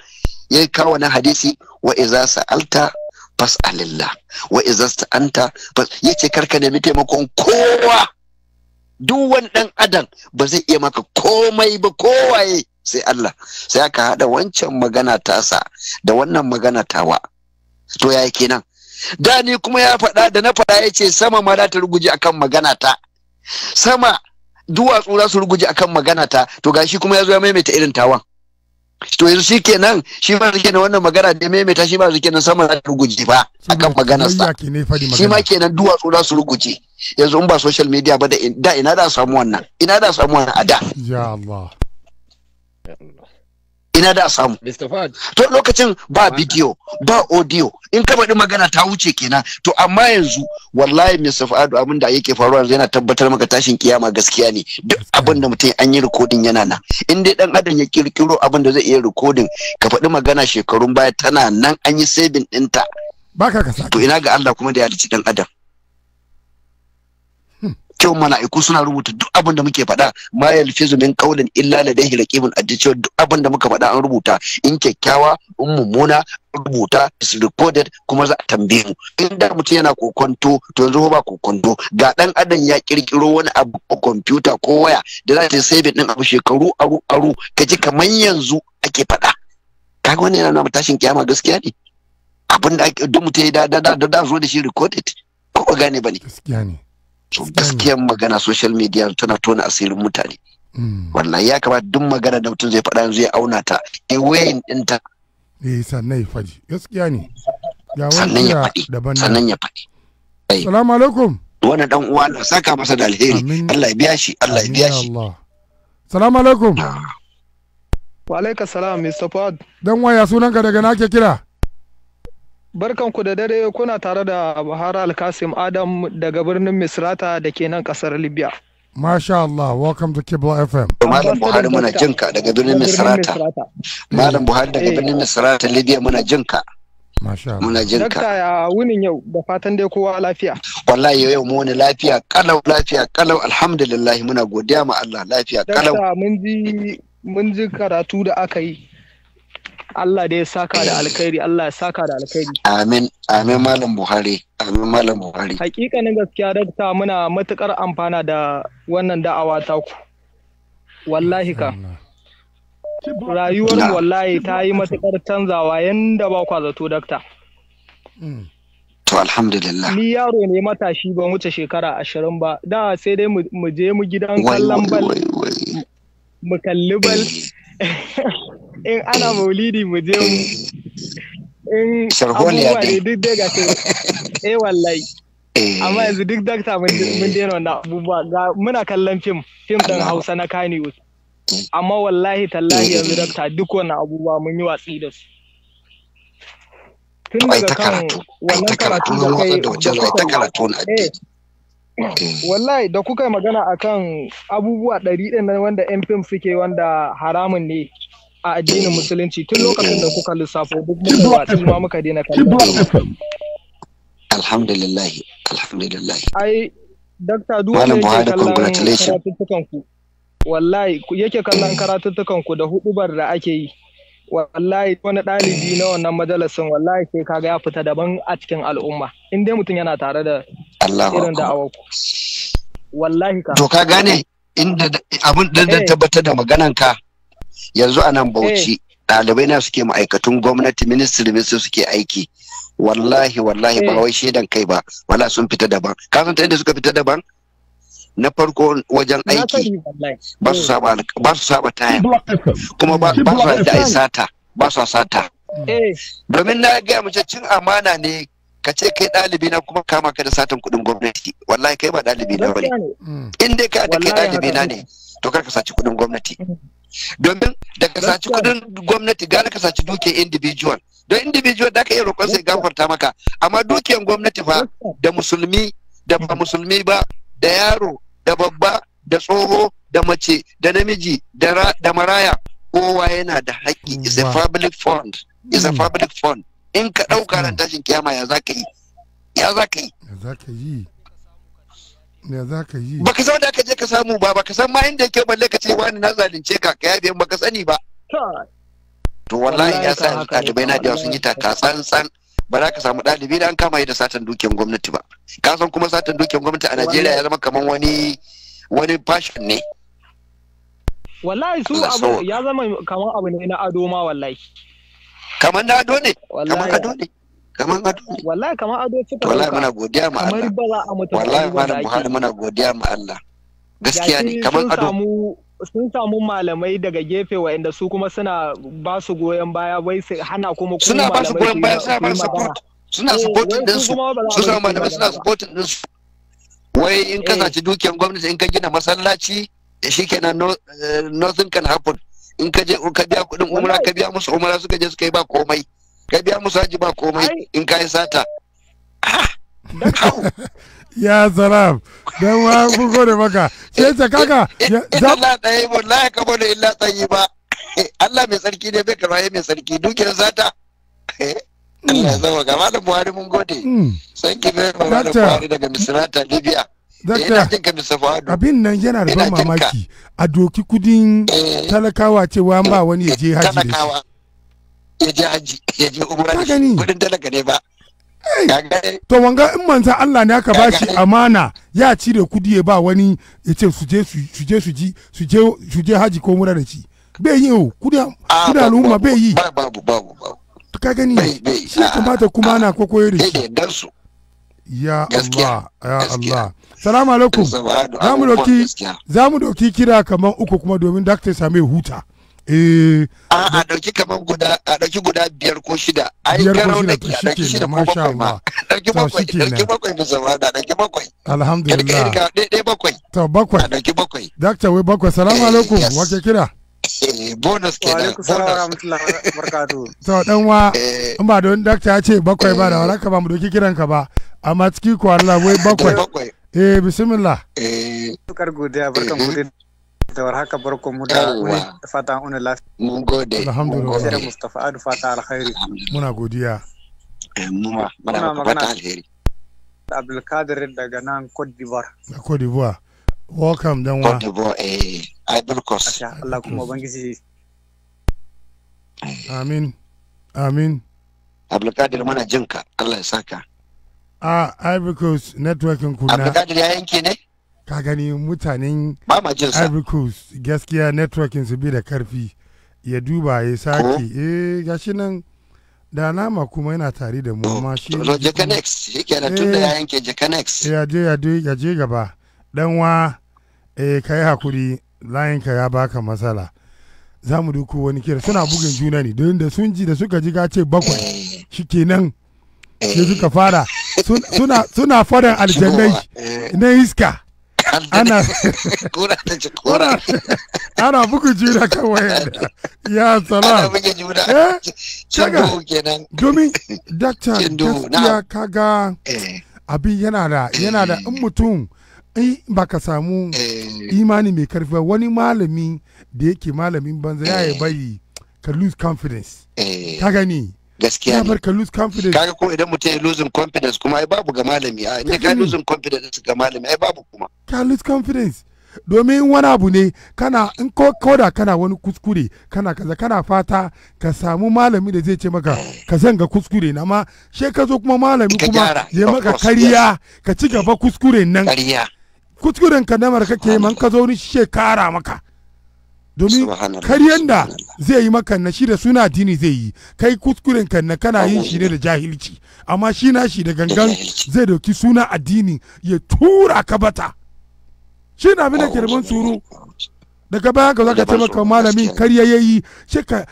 ya kawo wani hadisi wa iza sa'alta fas'alillah wa iza sta'anta yace karka nemi taimakon kowa duk wani dan adam ba zai iya maka komai ba kowaye sai Allah sai aka haɗa wancan magana tasa da wannan magana tawa to ya kenan da ni kuma ya faɗa da na faɗa ya ce sama ma za ta ruguje akan magana ta sama duwatsu za su ruguje akan magana ta to gashi kuma ya zo ya maimaita irin tawan to yanzu shi kenan shi ma kenan wannan magana da maimaita shi ma yanzu kenan sama za ta ruguje ba akan magana sa shi ma kenan duwatsu za su ruguje yanzu in ba social media ba da ina da samu wannan ina da samu wannan a da ya Allah ina da samu to lokacin ba bidiyo ba audio in ka faɗi magana ta wuce kenan to amma yanzu wallahi Mr. Fa'adu abin da yake faruwa yanzu yana tabbatar maka tashin kiyama gaskiya ne duk abin da mutum an yi rikodin yana nan in dai dan adam ya kirkiro abin da zai iya rikodin ka faɗi magana shekarun baya tana nan an yi saving ɗinta to ina ga Allah kuma da ya halicci dan adam kyau mala'iku suna rubuta duk abin da muke faɗa ma yalfizu min kaulin illa ladayhi raqibun adid cewa duk abin da muka faɗa an rubuta in kyakkyawa in mummuna rubuta is recorded kuma za a tambaye mu in da mutum yana kokonto to yanzu ba kokonto ga dan adam ya kirkiro wani abu a kwamfuta ko waya da za ta yi saving din abu shekaru aru aru ka ji kamar yanzu ake faɗa kaga wannan yana nuna tashin kiyama gaskiya ne abin da duk mutum ya da da da zo da shi recorded ko ba gane ba ne gaskiya ne so gaskiyar magana social media tana tona asirin mutane hmm. wannan ya kamata duk magana da mutum zai faɗa yanzu ya auna ta a wayan ɗinta eh sannan ya faɗi gaskiya ne sannan ya faɗi sannan ya faɗi salamu alaikum wani dan uwa na saka masa da alheri Allah ya biya shi Allah ya biya shi salamu alaikum wa alaikum salam Mr. Ford dan waya sunanka daga nake kira Barkanku da dare kuna tare da Buhari Alkasim Adam daga birnin Misrata da ke nan kasar Libya. Masha Allah, welcome to Kibla FM. Malam Buhari muna jinka daga birnin Misrata. Malam Buhari daga eh. birnin Misrata Libya muna jinka. Masha Allah. Muna jinka. Dakta ya wunin yau da fatan dai kowa lafiya. Wallahi yau mu wani lafiya kalau lafiya kalau alhamdulillah muna godiya ma Allah lafiya kalau. Dakta mun ji mun ji karatu da aka yi. Allah da ya saka da alkhairi Allah ya saka da alkhairi amin amin malam buhari amin malam buhari hakikanin gaskiya dakta muna matukar amfana da wannan da'awa ta ku wallahi ka rayuwar wallahi ta yi matukar canzawa yanda ba kwa zato dakta mm. to alhamdulillah ni yaro ne matashi ban wuce shekara ashirin ba da sai dai mu je mu gidan kallon bal mu kalli bal eh. in ana maulidi mu je mu in abubuwa ne duk dai ga sai eh wallahi eh. amma yanzu duk dakta mun daina wannan abubuwa ga muna kallon fim fim din Hausa na kaniwus amma wallahi tallahi eh. yanzu dakta duk wannan abubuwa mun yi watsi da su tun daga kan wannan karatu da kai ta karatu na wallahi da kuka yi magana akan abubuwa ɗari ɗin nan wanda yan fim suke wanda haramun ne a addinin musulunci tun lokacin da kuka lissafo duk mutuwa tun ma muka daina kallon alhamdulillah ai dakta duk yake kallon karatuttukan ku wallahi yake kallon karatuttukan ku da hudubar da ake yi wallahi wani ɗalibi na wannan majalisin wallahi sai kaga ya fita daban a cikin al'umma in dai mutum yana tare da irin da'awar ku wallahi ka to ka gane inda abin da da eh. tabbatar da maganan ka yanzu a nan Bauchi eh. ɗalibai na suke ma'aikatun gwamnati ministry ne suke aiki wallahi wallahi ba eh. wai shaidan kai ba wala sun fita daban ka san ta inda suka fita daban na farko wajen aiki eh. ba su saba taya kuma ba su da sata ba su sata eh. domin na gaya mace cin amana ne ka ce kai ɗalibi na kuma kama ka da satan kuɗin gwamnati wallahi kai ba ɗalibi na bane hmm. in dai ka kai ɗalibi na ne to kar ka saci kuɗin gwamnati hmm. domin da ka saci kuɗin gwamnati gane ka saci duke individual don individual da ka iya roƙon sai gafarta maka amma dukiyan gwamnati fa da musulmi da ba musulmi ba da yaro da babba da tsoho da mace da namiji da maraya kowa yana da haƙƙi is a public fund is a hmm. public fund in ka ɗauka ran tashin kiyama ya za ka yi ya za ka yi ya za ka yi ya za ka yi baka san da ka je ka samu ba Ba ka san ma inda yake balle ka ce wani na zalunce ka ka yabe ka sani ba to wallahi ya sa ɗalibai na da sun yi taka tsantsan ba za ka samu ɗalibi da an kama yi da satan dukiyar gwamnati ba ka san kuma satan dukiyar gwamnati a Najeriya ya zama kamar wani wani fashion ne wallahi su abu ya zama kamar abu ne na ado ma wallahi kamar na ado ne kamar ado ne kamar ado ne wallahi kamar ado ce wallahi muna godiya ma Allah wallahi mana muna godiya ma Allah gaskiya ne kamar ado sun samu malamai daga gefe wa'anda su kuma suna ba su goyon baya wai su hana kuma suna ba su goyon baya suna ba su support suna supporting din eh, su su samu malamai suna supporting din su wai in ka eh. zaci dukiyar gwamnati in ka gina masallaci shikenan eh, nothing can happen in ka je ka biya kuɗin umra ka biya musu umra suka je suka yi ba komai ka biya musu haji ba komai in ka yi sata ah! ya salam don wa mun gode maka sai ta kaka za la dai wallahi ka bada illa tsayi ba Allah mai sarki ne bai karwaye mai sarki dukiyar zata eh, Allah ya mm. zama ga malam Buhari mun gode mm. san ki bai malam Buhari daga Misrata Libya eh, Dakta, abin nan yana da ban mamaki a doki kudin eh. talakawa ce cewa ba wani ya je haji da shi. Ya je haji, ya je umra kudin talaka ne ba. to wanga in manzan Allah ne aka bashi amana ya cire kudi ya ba wani ya ce su je su je su ji su je haji ko mura da ci bai yi o kudi ah, al'umma bai yi babu babu babu ka gani shi ya kamata kuma ana koyo da shi ya Allah ya Allah salamu alaikum za mu doki kira kamar uku kuma domin dakta same huta eh a dauki kaman guda a dauki guda biyar ko shida ai garau da ke dauki shida ko bakwai ma dauki bakwai dauki bakwai da zama da dauki bakwai alhamdulillah ka dai dai bakwai to bakwai a dauki bakwai doctor wai bakwai salamu eh, alaikum ke kira eh, bonus kenan bonus to dan wa eh. in ba don doctor ya ce bakwai ba da waraka ba mu doki kiran ka ba amma ciki ko Allah wai bakwai eh bismillah eh tukar godiya barkan godiya da war haka barko mu da fatan una lafiya mun gode alhamdulillah mustafa adu fata alkhairi muna godiya eh, muna fata alkhairi abdul kadir daga nan cote d'ivoire cote d'ivoire welcome dan wa cote d'ivoire eh ivory Allah kuma ubangiji eh. amin amin abdul kadir muna jinka Allah ya saka ah ivory coast networking kuna abdul kadir ya yanke ne ka gani mutanen ivory gaskiya networking su bi da karfi ya duba ya sake oh. eh gashi nan da nama kuma yana tare da mu oh, ma shi no jakanex yake tunda eh. ya yanke jakanex ya je ya je ya je gaba dan wa eh kai hakuri layin ka ya baka matsala za mu duku wani kira suna bugun juna ne don da sun ji da suka ji ga ce bakwai eh. shikenan sai eh. suka fara suna suna fadan aljannai na iska ana ana bugu juna kan wayar ya salam ana bugu juna kaga kenan domin doctor ya kaga abin yana da yana da in mutum in ba ka samu imani mai karfi wani malami da yake malamin banza ya yi bari ka lose confidence ka eh. gani gaskiya ne kaga ko idan mutum ya losing confidence kuma ai babu ga malami a inda ka losing confidence ga malami ai babu kuma ka lose confidence domin wani abu ne kana in ko koda kana wani kuskure kana kaza kana fata ka samu malami da zai ce maka eh. ka zanga kuskure na ma she ka zo kuma malami kuma ya maka kariya ka ci gaba kuskure nan kuskuren ka namar kake man ka zo ni shekara maka domin karyan da zai yi maka na shi da suna dini zai yi kai kuskuren kan na kana yin shi ne da jahilci amma shi na shi da gangan zai dauki suna addini ya tura ka bata shi na abin da ke tsoro daga baya ka zaka ce maka kar ya yi shi ka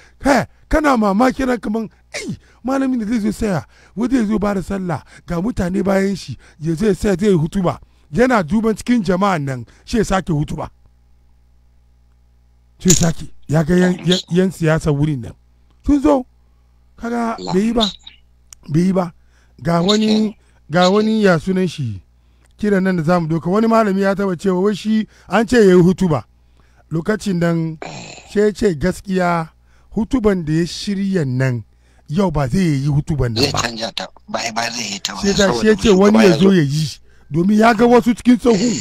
kana mamaki ran kaman ai malamin da zai zo saya wanda ya zo ba da sallah ga mutane bayan shi ya zai saya zai hutuba yana duban cikin jama'a nan shi ya sake hutuba yaga saki ya ga yan siyasa wurin nan sun zo kaga bai yi ba bai yi ba ga wani ga wani ya sunan shi kiran nan da zamu doka wani malami ya taba cewa wai shi an ce yayi hutuba lokacin nan sai ce gaskiya hutuban da ya shirya nan yau ba zai yi hutuban nan ba sai ta shi ce wani ya zo ya yi domin ya ga wasu cikin sahu eh.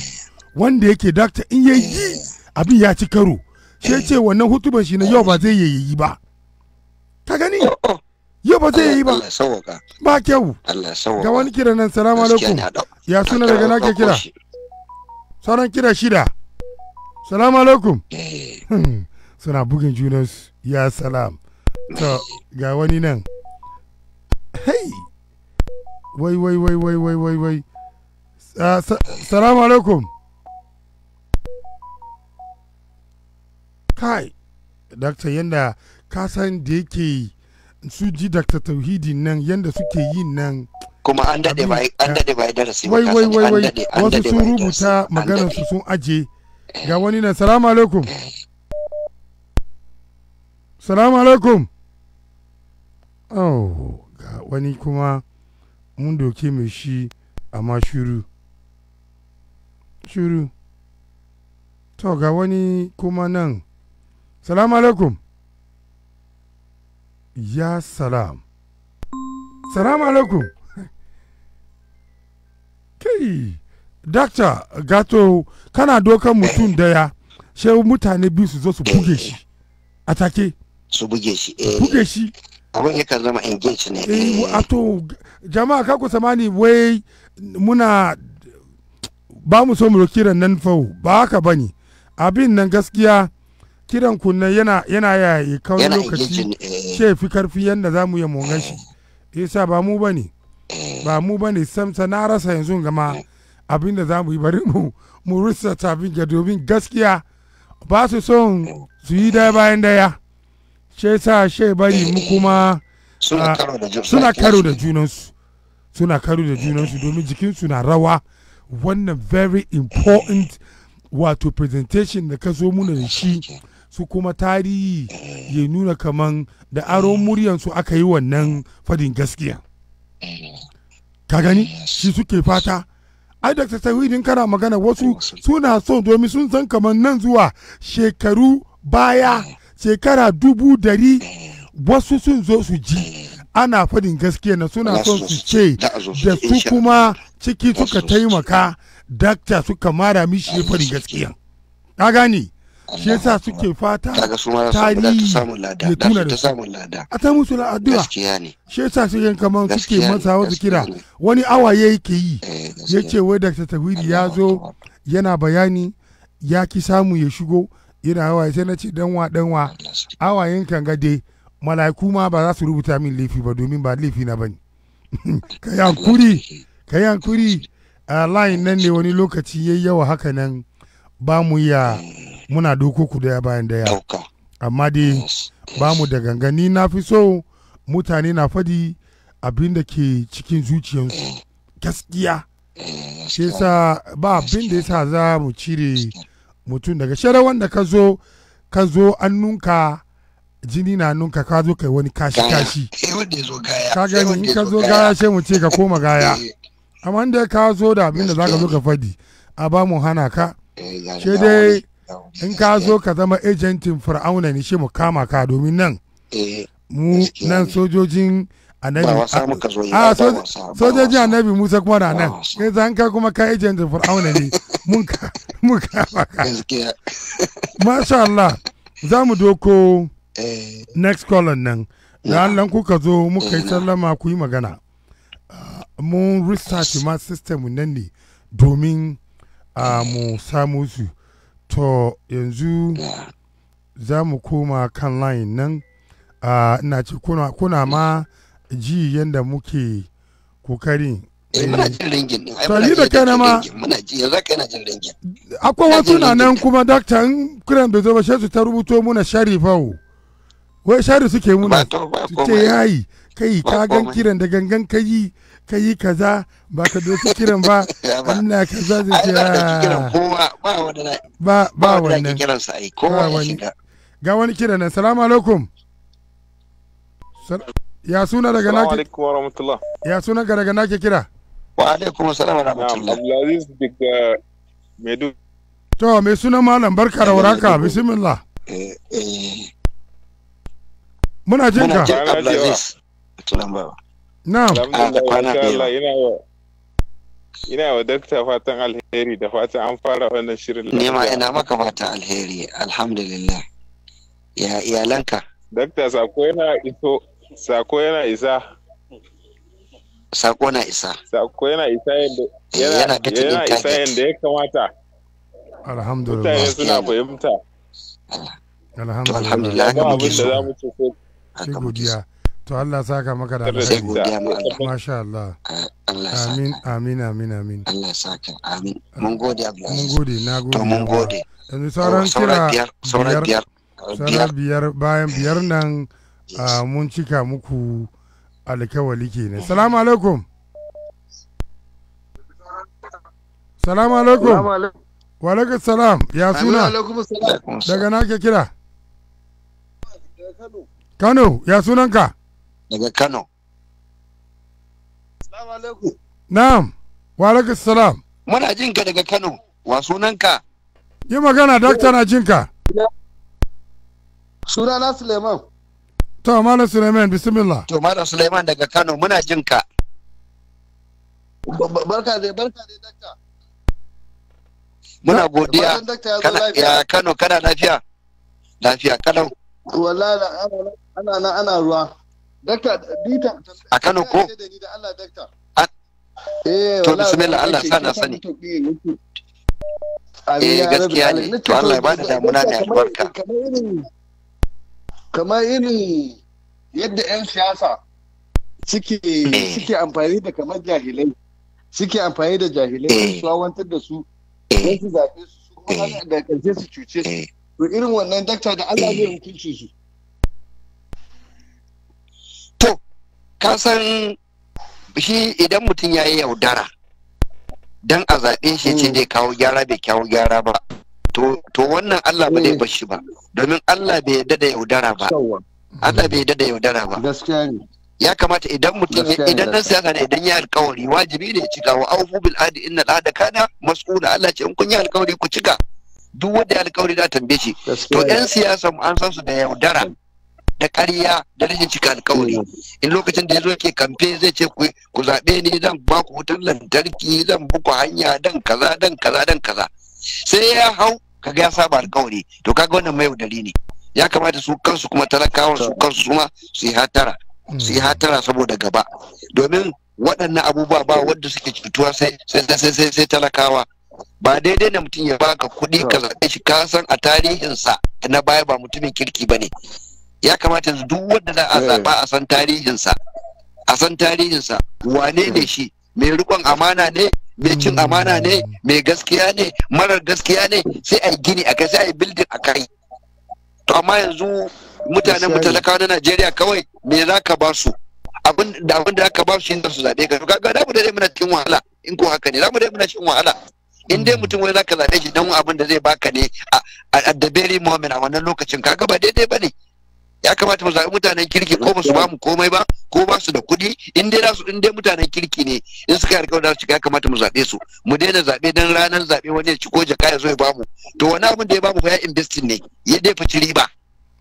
wanda yake dakta in ya yi eh. abin ya ci karo shi ce wannan hutuban shi na yau ba zai yayi ba ka gani oh, oh. yau ba zai yayi ba ba kyau ga wani kira nan salamu alaikum ya suna daga na ke kira sauran kira shida salamu alaikum eh. suna bugin junansu ya salam to ga wani nan hey wai wai wai wai wai wai wai ah, salamu alaikum kai daktar yanda ka san da yake su ji daktar tauhidi nan yanda suke yi nan kuma an dade ba an dade ba darasi wai wai wai wai wasu sun rubuta maganar su sun aje eh. ga wani nan salamu alaikum eh. salamu alaikum oh ga wani kuma mun doke mai shi amma shuru shuru to ga wani kuma nan salamu alaikum ya salam salamu alaikum kai dakta gato kana dokan mutum daya sai mutane biyu su zo su buge shi a take su buge shi eh. buge shi abin yakan zama engage ne eh wato jama'a kaku samani wai muna ba mu so mu roki nan fau ba haka bane abin nan gaskiya kiran kunne yana yana yayi kawai lokaci ce eh, eh. fi karfi yanda zamu yi mu gashi eh. yasa ba mu bane ba mu bane samsa na rasa yanzu gama abin da zamu yi bari mu mu rusa tabin ga domin gaskiya ba su son su yi daya bayan daya ce sa she bari mu kuma suna ah, karo da junansu suna karo da junansu domin jikinsu na rawa wannan very important wato presentation da ka zo muna da shi su kuma tarihi ya nuna kaman da aron muryansu aka yi wannan fadin gaskiya ka gani shi suke fata ai da ta kana magana wasu suna so domin sun san kaman nan zuwa shekaru baya shekara dubu dari wasu sun zo su ji ana fadin gaskiya na suna son su ce da su kuma ciki suka taimaka dakta suka mara mishi fadin gaskiya ka gani shi yasa suke fata tarihi ya tuna da su a ta musu addu'a shi yasa suke kamar suke masa wasu kira wani awa ya ke yi eh, ya ce wai da ya zo yana bayani ya ki samu ya shigo yana hawa sai na ce danwa danwa awayen kan gade mala'iku ma ba za su rubuta min laifi ba domin ba laifi na bane ka yi hankuri a layin nan ne wani lokaci ya yawa haka nan ba mu ya eh. muna ku daya bayan daya amma dai ba mu da gangani na fi so mutane na fadi abin da ke cikin zuciyarsu mm. gaskiya mm, shi sa ba abin da yasa za mu cire mutum daga shara wanda ka zo ka zo nunka jini na nunka ka zo kai wani kashi kashi ka gani in ka zo gaya sai mu ce ka koma gaya eh. amma da ka zo da abin da ka zo ka fadi a ba mu hana ka eh, sai dai in ka zo ka zama ejentin fir'auna ne shi mu kama ka domin nan eh, mu nan sojojin annabi a ah, sojojin annabi musa kuma na nan kai zan ka kuma ka ejentin fir'auna ne mun ka mun kama ka masha Allah za mu doko eh. next column nan da Allah kuka zo muka yi eh, sallama ku yi magana ah, mun restart ma system nan ne domin ah, mu samu su to yanzu za mu koma kan line nan ina ce kuna ma ji yadda muke kokari eh, muna eh, jin da kana ma kai na jin akwai wasu na nan kuma doctor in kiran bai zo ba su ta rubuto muna sharifau wai shari suke muna ce yayi kai ka gan kiran da gangan kai ka yi kaza ba ka doki kiran ba ana kaza zai ce ba ba wannan ba wannan ga wani kiran nan salamu alaikum ya suna daga nake ya suna ga daga nake kira wa alaikum salam wa rahmatullah daga Medu to mai suna malam barka da waraka bismillah eh, eh. muna jinka Abdulaziz na'am ina wa dakta fatan alheri da fatan an fara wannan shirin nema ina maka fatan alheri alhamdulillah ya iyalanka dakta sako yana iso sako yana isa sako na isa sako yana isa yadda eh, yana yana isa yadda ya kamata alhamdulillah mutane suna fahimta alhamdulillah haka muke so to Allah saka maka da alheri masha Allah amin amin amin amin Allah saka amin mun gode mun gode na gode mun gode yanzu oh, sauran kira biyar sauran biyar bayan biyar nan ah, mun cika muku alkawali kenan salamu alaikum salamu alaikum wa alaikum salam ya suna daga na ke kira kano ya sunanka daga Kano. Assalamu alaikum. Na'am. Wa alaikum salam. Muna jin ka daga Kano. Wa sunanka? Yi magana dakta na jin ka. Sunana Suleiman. To Malam Suleiman bismillah. To Malam Suleiman daga Kano muna jin ka. Barka dai barka dai dakta. Muna godiya. Ya Kano kana lafiya? Lafiya kano Wallahi ana ana ruwa. Dakta a Kano ko? Eh, to bismillah Allah sa na sani. Eh gaskiya ne to Allah ya bada damuna mai albarka. Kamar irin yadda 'yan siyasa suke eh. suke amfani da kamar jahilai suke amfani da jahilai su wantar eh. da su don su zaɓe su su da ƙarshe su cuce su to irin wannan dakta da Allah zai hukunci su. ka san shi idan mutum ya yi yaudara don a zaɓe shi ce dai hmm. kawo gyara bai kawo gyara ba to wannan Allah ba dai hmm. bar shi ba domin Allah bai yarda da yaudara ba Allah bai yarda da yaudara ba ya kamata idan mutum idan nan siyasa ne idan ya alkawari wajibi ne ya cika wa aufu bil adi innal ada kana mas'ula Allah ce in kun yi alkawari ku cika duk wanda ya alkawari da tambaye shi to yan siyasa an san su da yaudara da ƙarya da rashin cika alkawari mm. in lokacin da ya zo yake kamfe zai ce ku zaɓe ni zan ba ku wutar lantarki zan buku hanya dan kaza dan kaza dan kaza sai ya hau kaga ya saba alkawari to kaga wannan mai yaudari ne ya kamata su kansu kuma talakawa su kansu suma su yi hatara su yi hatara saboda gaba domin waɗannan abubuwa ba wanda suke cutuwa sai sai sai talakawa ba daidai na mutum ya baka kuɗi ka zaɓe shi ka san a tarihinsa na baya ba mutumin kirki ba ne ya kamata yanzu duk wanda za a eh. zaɓa a san tarihinsa a san tarihinsa wane ne eh. shi mai rikon amana ne mai cin hmm. amana ne mai gaskiya ne marar gaskiya ne sai a yi gini a kai sai a yi bildin a kai to amma yanzu mutanen mu talakawa na Najeriya kawai me za ka ba su abin da aka ba su yin su zaɓe ka kaga da mu dai muna cikin wahala in ko haka ne da mu dai muna cikin wahala in dai hmm. mutum wani ka zaɓe shi dan abin da zai baka ne a the very moment a wannan lokacin kaga ba daidai ba ne ya kamata mu zaɓi mutanen kirki ko ba su ba mu komai ba ko ba su da kuɗi in dai su in dai mutanen kirki ne in suka yi alƙawarin su ya kamata mu zaɓe su mu daina zaɓe dan ranar zaɓe wani ya ci ko jaka ya zo ya ba mu to wani abin da ya ba mu ya investing ne ya dai fici riba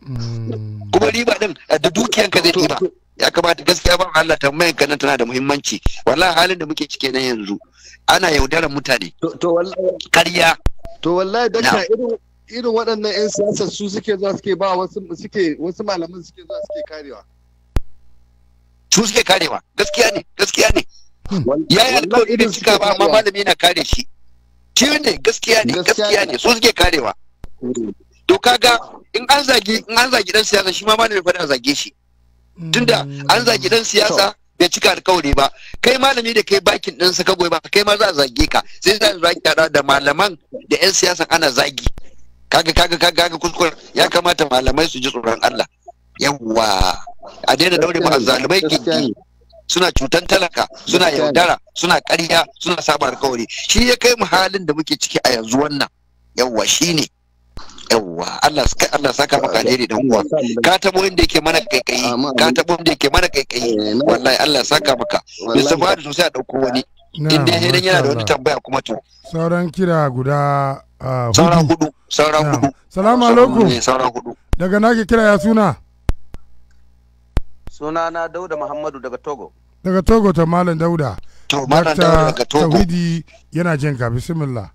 hmm. kuma riba din da dukiyan ka zai riba ya kamata gaskiya ba Allah ta ka nan tana da muhimmanci wallahi halin da muke cike na yanzu ana yaudarar mutane to wallahi ƙarya to wallahi dakta irin irin waɗannan 'yan siyasa su suke zuwa suke ba wasu suke wasu malaman suke zuwa suke karewa su suke karewa gaskiya ne gaskiya ne hmm. ya yi alkawari da cika ba amma malami na kare shi shi ne gaskiya ne gaskiya ne su suke karewa hmm. to kaga in an zagi in an zagi dan siyasa shi ma malami fa da zage shi hmm. tunda an zagi dan siyasa bai cika alkawari ba kai malami da kai bakin ɗansa ka goyi ba kai ma za a zage ka sai za a zage da malaman da 'yan siyasan ana zagi kaga kaga kaga kuskure ya kamata malamai su ji tsoron Allah Yawa! a daina daure ma zalumai gindi suna cutan talaka suna yaudara suna ƙarya suna saba alkawari shi ya kai mu halin da muke ciki a yanzu wannan yawa shine yawa Allah Allah saka maka alheri dan uwa ka tabo inda yake mana kaikayi ka tabo inda yake mana kaikayi wallahi Allah saka maka Mr. Fadu sosai a dauko wani inda dai hirin yana da wani tambaya kuma to sauran kira guda ah, sauran hudu sauran hudu salamu alaikum eh, sauran hudu daga nake kira ya suna suna na dauda muhammadu daga togo daga togo ta malam dauda to malam dauda daga togo yana jin ka bismillah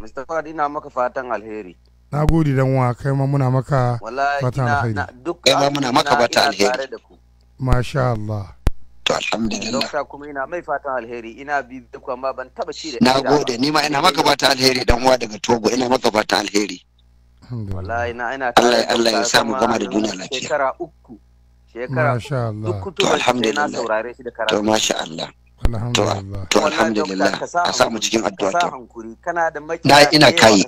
mustapha ina maka fatan alheri na gode dan wa kai ma muna maka fatan alheri kai ma muna maka fatan alheri masha Allah to alhamdulillah dokta kuma ina mai fatan alheri ina bi duk amma ban taba ci da Nagode ni ma ina maka fatan alheri dan uwa daga Togo ina maka fatan alheri wallahi ina ina Allah Allah ya samu gama da duniya lafiya shekara uku shekara masha Allah to alhamdulillah na saurare shi da karatu to masha Allah to alhamdulillah a samu cikin addu'a to na ina kai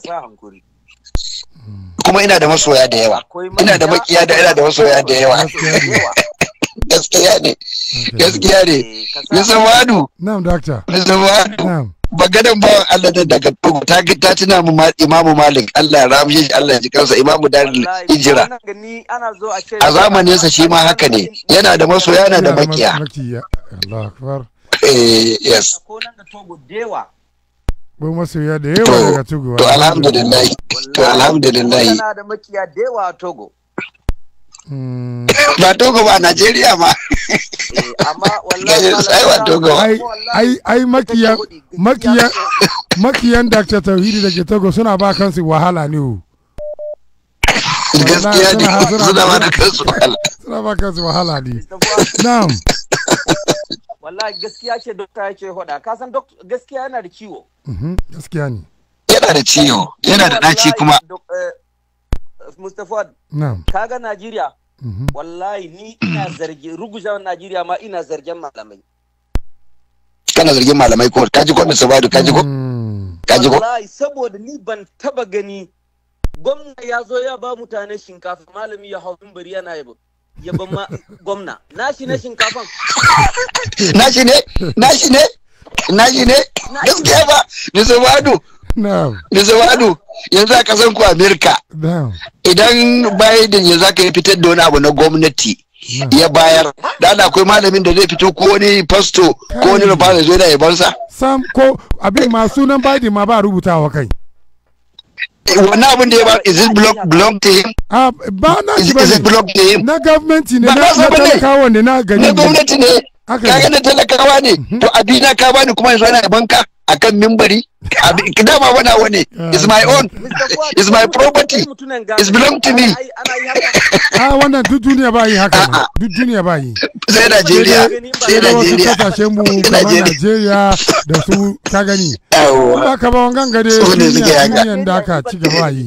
kuma ina da masoya da yawa ina da makiya da ina da masoya da yawa gaskiya ne gaskiya ne ya eh, samadu na'am doctor ya na'am bawan Allah da daga Togo ta ta tuna mu Imamu Malik Allah ya ramshe shi Allah ya ji kansa Imamu Darul Hijira a zamanin sa shi ma haka ne yana da masoya yana da makiya Allah akbar eh yes Bai da yawa daga Togo to alhamdulillah to alhamdulillah yana da makiya a Togo ba togo ba nigeria ma amma wallahi ai ai makiyan makiyan makiyan dr tauhidi da ke togo suna ba kansu wahala ne o suna ba kansu wahala ne na'am wallahi gaskiya ce dokta yake hoda ka san gaskiya yana da ciwo mhm, gaskiya ne yana da ciwo yana da daci kuma eh, Mustafa. Kaga Najeriya. Mhm. Wallahi ni ina zargin rugujewan Najeriya ma ina zargin malamai. Kana zargin malamai ko kaji ko Mr. Badu kaji ko? Mm. Kaji ko? Wallahi saboda ni ban taba gani gwamna ya zo ya ba mutane shinkafa malami ya hau bari yana yabo. Yabon ma gwamna. Nashi na shinkafan. Nashi ne? Nashi ne? Nashi ne? Gaskiya ba, Mr. Badu. Mr. Wadu, yanzu a kasan ku Amerika. Idan Biden yanzu zaka yi fitar da wani abu na gwamnati ya bayar, da ana akwai malamin da zai fito ko wani pasto ko wani rufana zai da yabansa. Sam ko abin ma sunan Biden ma ba rubutawa kai. Wani abin da ya ba is it block block to him? Ah, ba na shi ba ne. Na gwamnati ne na talakawa ne na gari. Na gwamnati ne. Kaga na talakawa ne. Mhm. To abina ka bani kuma yanzu ana yabanka. akan mimbari dama wani abu ah. is my own is my property is belong to me a wannan duk duniya ba yi haka duk duniya ba yi sai Najeriya sai Najeriya sai mu kamar Najeriya da su ta gani ba ka ba wangan gare duniyan da ka ci gaba yi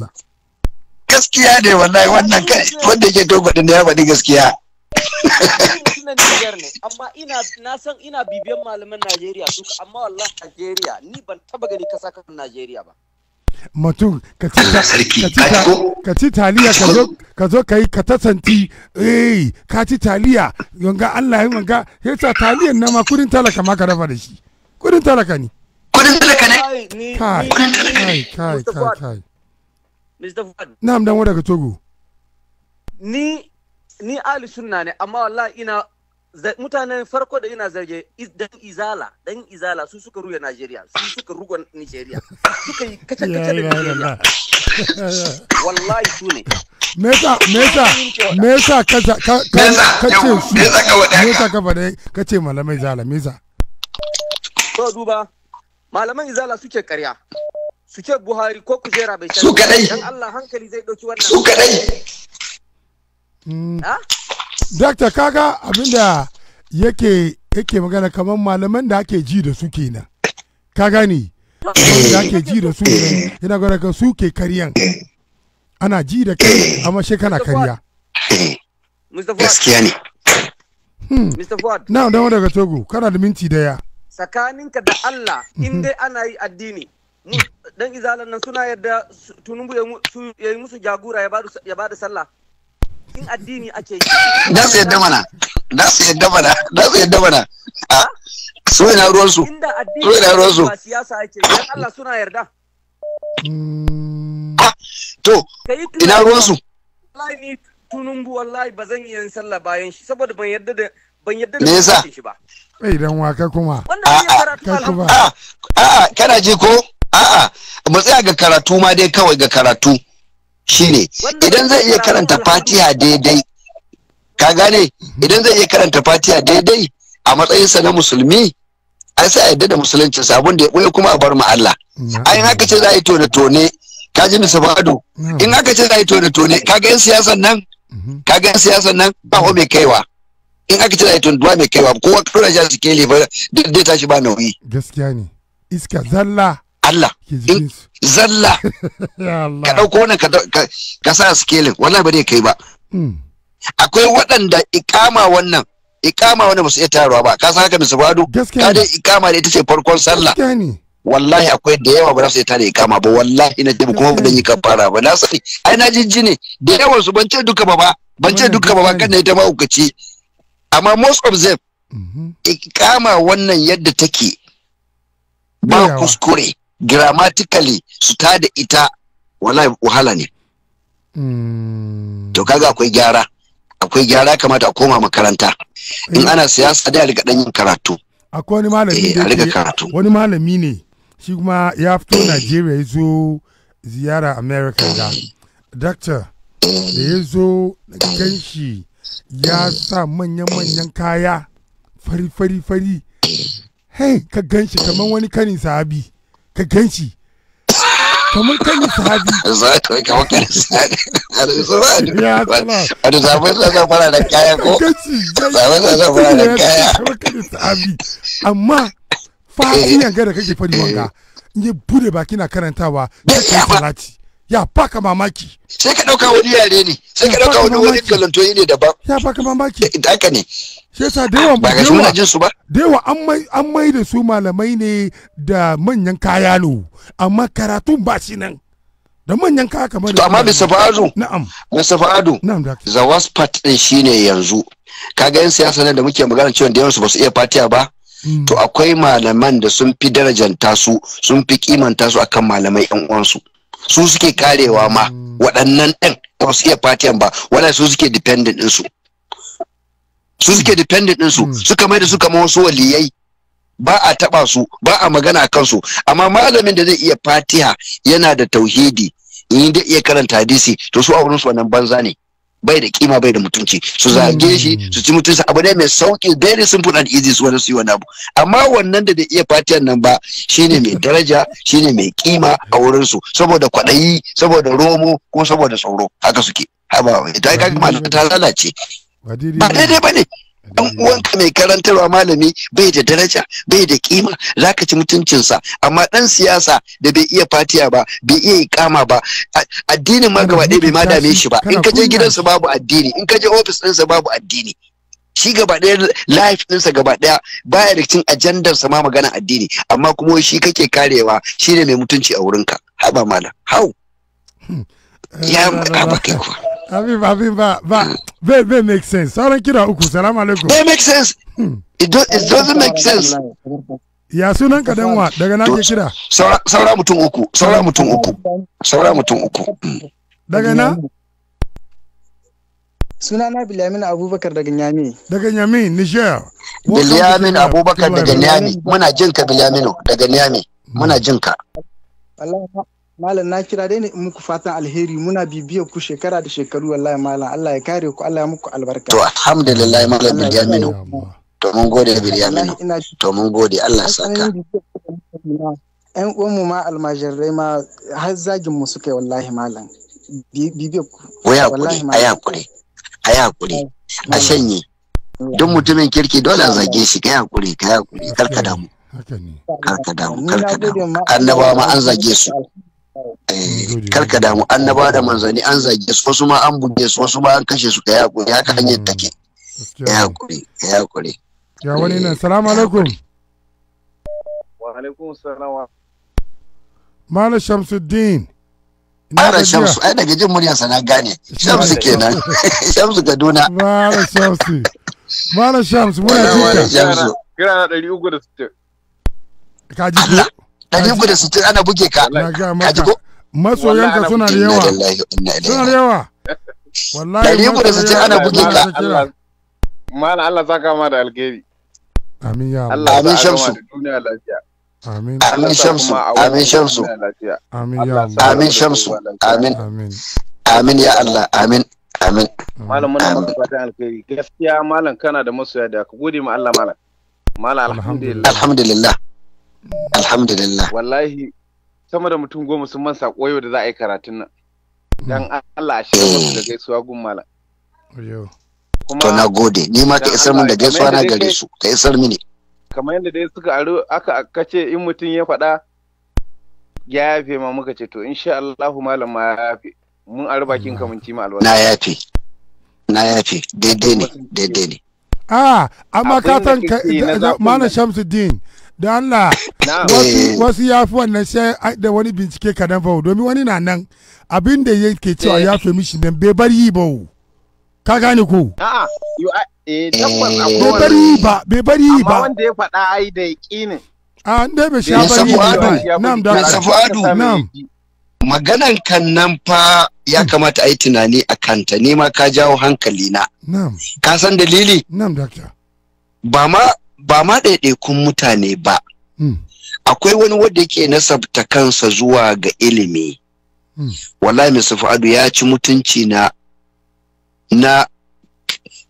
gaskiya ne wallahi wannan kai wanda yake dogo din ya faɗi gaskiya mutumin Niger ne amma ina na san ina bibiyan malaman Najeriya duka amma wallahi Najeriya ni ban taba gani kasa kan Najeriya ba mutum ka ci taliya ka zo ka yi ka ta tasanti eh ka ci taliya yanga Allah ya manga sa, taliyan nan ma kudin talaka ma ka rafa da shi kudin talaka ne kudin talaka ne kai kai kai kai Mr. Fuad. Na'am dan wada ka Togo. Ni ni ali sunna ne amma wallahi ina mutanen farko da ina zarge dan izala dan izala su suka ruya Najeriya su suka ruga Najeriya suka yi kace kace da Najeriya wallahi su ne Mesa, mesa, me yasa me yasa ka ka ce su me yasa ka faɗa ka ce malamai zala, mesa. to duba malaman izala suke ƙarya suke Buhari ko kujera bai shi. su kadai dan Allah hankali zai dauki wannan su kadai Dakta kaga abinda yake yake magana kamar malaman da ake ji da su kenan. Ka gani? da ake ji da su yana gwada ka su ke karyan. Ana ji da kai amma shi kana karya. Gaskiya ne. Mr. Na dawo daga Togo, kana da minti daya. Tsakaninka da Allah, hmm. in dai ana yi addini, dan izalan nan suna yadda tunubu ya yi musu jagora ya ba da sallah. in addini ake yi da su yadda mana da su yadda mana da su yadda mana su ina ruwan su su ina ruwan su siyasa ake dan Allah suna yarda to ina ruwan su wallahi ni tunumbu wallahi ba zan yi sallah bayan shi saboda ban yarda da ban yarda da shi ba dan waka kuma a'a a'a kana ji ko a'a mu tsaya ga karatu ma dai kawai ga karatu shine idan zai iya karanta fatiha daidai ka gane mhm. idan zai iya karanta fatiha daidai a matsayinsa na musulmi ai sai a yadda da musulunci sabon da ya ɓoye kuma a bar mu Allah mhm. ai in aka ce za a yi tone tone ka ji misa fado in aka ce za a yi tone tone ka ga yan siyasan nan mhm. ka ga yan siyasan nan ba ho mai kaiwa in aka ce za a yi tone duwa mai kaiwa kowa kura shi a cikin lefa duk dai tashi ba nauyi gaskiya ne iska zalla Allah in zalla ka dauko wannan ka sa scaling wallahi ba zai kai ba hmm. akwai waɗanda ikama wannan ikama wannan ba su iya tarawa ba ka san haka Mr. Bado ka dai ikama da ita ce farkon sallah wallahi akwai da yawa ba za su iya tare ikama ba wallahi na jibi kuma ba dan yi fara ba na sani ai na jinjine da yawan su ban ce duka ba ba ban ce duka ba ba kan ita ma ukaci amma most of them mm-hmm. ikama wannan yadda take ba kuskure grammatically su ta da ita wallahi wahala ne hmm. to kaga akwai gyara akwai gyara kamata a koma makaranta in ana siyasa da riga dan yin karatu akwai wani malami ne eh, karatu wani malami ne shi kuma ya fito Najeriya ya zo ziyara America da doctor da ya zo ganshi ya sa manyan-manyan kaya fari-fari-fari hey ka ganshi kamar wani kanin sahabi ka gan shi kamar kan yi sahabi kamar kan yi sahabi wani sabon sassan fara da kaya ko sabon sassan fara da kaya kamar kan yi sahabi amma fa eh. iya ga da kake fari wanga in ya bude baki na karantawa ya kai salati ya baka mamaki sai ka dauka wani yare ne sai ka dauka wani wani galantoyi ne daban ya baka mamaki eh, haka ne sai sa da yawa ba ga shi muna jin su ba da yawa an mai an mai da su malamai ne da manyan kaya amma karatun ba shi nan da manyan kaya kamar to amma bisa fa'adu na'am bisa fa'adu na'am da the worst part din shine yanzu kaga yan siyasa ne da muke magana cewa da yawan su ba su iya fatiya ba hmm. to akwai malaman da sun fi darajanta su sun fi kimanta su akan malamai yan uwansu su suke karewa ma mm. waɗannan ɗin ba su iya fatiyan ba wala su suke dependent ɗinsu su suke dependent ɗinsu mm. suka mai da su wasu waliyai ba a taɓa su ba a magana a kansu amma malamin da zai iya fatiha yana da tauhidi in da iya karanta hadisi to su a wurinsu wannan banza ne bai da kima bai da mutunci su zage shi su ci mutunci abu ne mai sauki very simple and easy su wani su yi wani abu amma wannan da da iya fatiyan nan ba shine mai daraja shine mai kima a wurin su saboda kwaɗayi saboda romo ko saboda tsoro haka suke haba ka ga ta lalace ba daidai ba ne dan uwanka mai karantarwa malami bai da daraja bai da kima zaka ci mutuncinsa amma dan siyasa da bai iya fatiya ba bai iya ikama ba addinin ma gaba ɗaya bai ma dame shi ba in ka je gidansa babu addini in ka je ofis ɗinsa babu addini shi gaba ɗaya life ɗinsa gaba ɗaya baya da cin ajandar sa ma magana addini amma kuma shi kake karewa shine mai mutunci a wurinka haba malam hau hmm. ya haba eh, kai kuwa Habiba, Habiba, ba, bai, make sense. Sauran kira uku, salam alaikum. Bai make sense. Hmm. It, do, it doesn't make sense. Ya sunan ka wa daga na ke kira? Saura mutum uku, saura mutum uku, saura mutum uku. Daga na? Sunana Bilyamin Abubakar daga Nyami. Daga Nyami, Niger. Bilyamin Abubakar daga Nyami. Muna jinka Bilyaminu daga Nyami. Muna jinka. malam na kira dai ne in muku fatan alheri muna bibiyar ku shekara da shekaru wallahi malam Allah ya kare ku Allah ya muku albarka to alhamdulillah malam Bilyaminu to mun gode Bilyaminu to mun gode Allah saka uwan uwanmu ma almajirai ma har zagin mu suka yi wallahi malam bibiyar ku wallahi hakuri ayi hakuri ayi hakuri a shanye duk mutumin kirki dole a zage shi kai hakuri kai hakuri karka damu karka damu karka damu annabawa ma an zage su Eh, karka damu annaba da manzanni an zage su wasu ma an buge su wasu ma an kashe su ka yaƙuri haka mm, hanyar take ya yaƙuri ya yaƙuri ya wani nan salamu eh, alaikum wa alaikum salam mala shamsuddin mala shamsu ai daga jin murya sana gane shamsu kenan shamsu kaduna mala shamsu mala shamsu muna Shamsu. kira na 360 ka ji ɗari da sittin ana buge ka suna da yawa suna da yawa wallahi da ana buge ka mala Allah ma amin ya Allah amin shamsu amin shamsu amin shamsu amin shamsu amin amin ya Allah amin amin malam muna maka fatan gaskiya malam kana da masoya da ka gode ma Allah malam malam alhamdulillah alhamdulillah Alhamdulillah. Wallahi sama da mutum goma sun man sako yau da za a yi karatun nan. Dan Allah a shirya musu da gaisuwa gun malam. To na gode, ni ma ka isar min da gaisuwa na gare su, ka isar mini. Kamar yadda dai suka aro aka kace in mutum ya faɗa ya yafe ma muka ce to insha Allah malam ma ya yafe. Mun aro bakin ka mun ci ma alwala. Na yafe. Na yafe, daidai ne, daidai ne. Ah, amma ka san ka Malam Shamsuddin. da Allah eh. wasu ya fi wannan shi da wani bincike kadan fa domin wani na nan abin da yake cewa eh. ya fi mishi nan bai bar yi ba ka gane ko a'a eh, bai bar yi ba bai bar yi ba wanda ya faɗa ai da a ah, dai bai ya bar yi ba nam da safadu nam maganan kan nan fa ya hmm. kamata a yi tunani a kanta ne ma ka jawo hankali na ka san dalili nam doctor ba ma ba ma ɗaiɗaikun mutane ba hmm. akwai wani wanda yake nasabta kansa zuwa ga ilimi hmm. wallahi mai fa'adu ya ci mutunci na na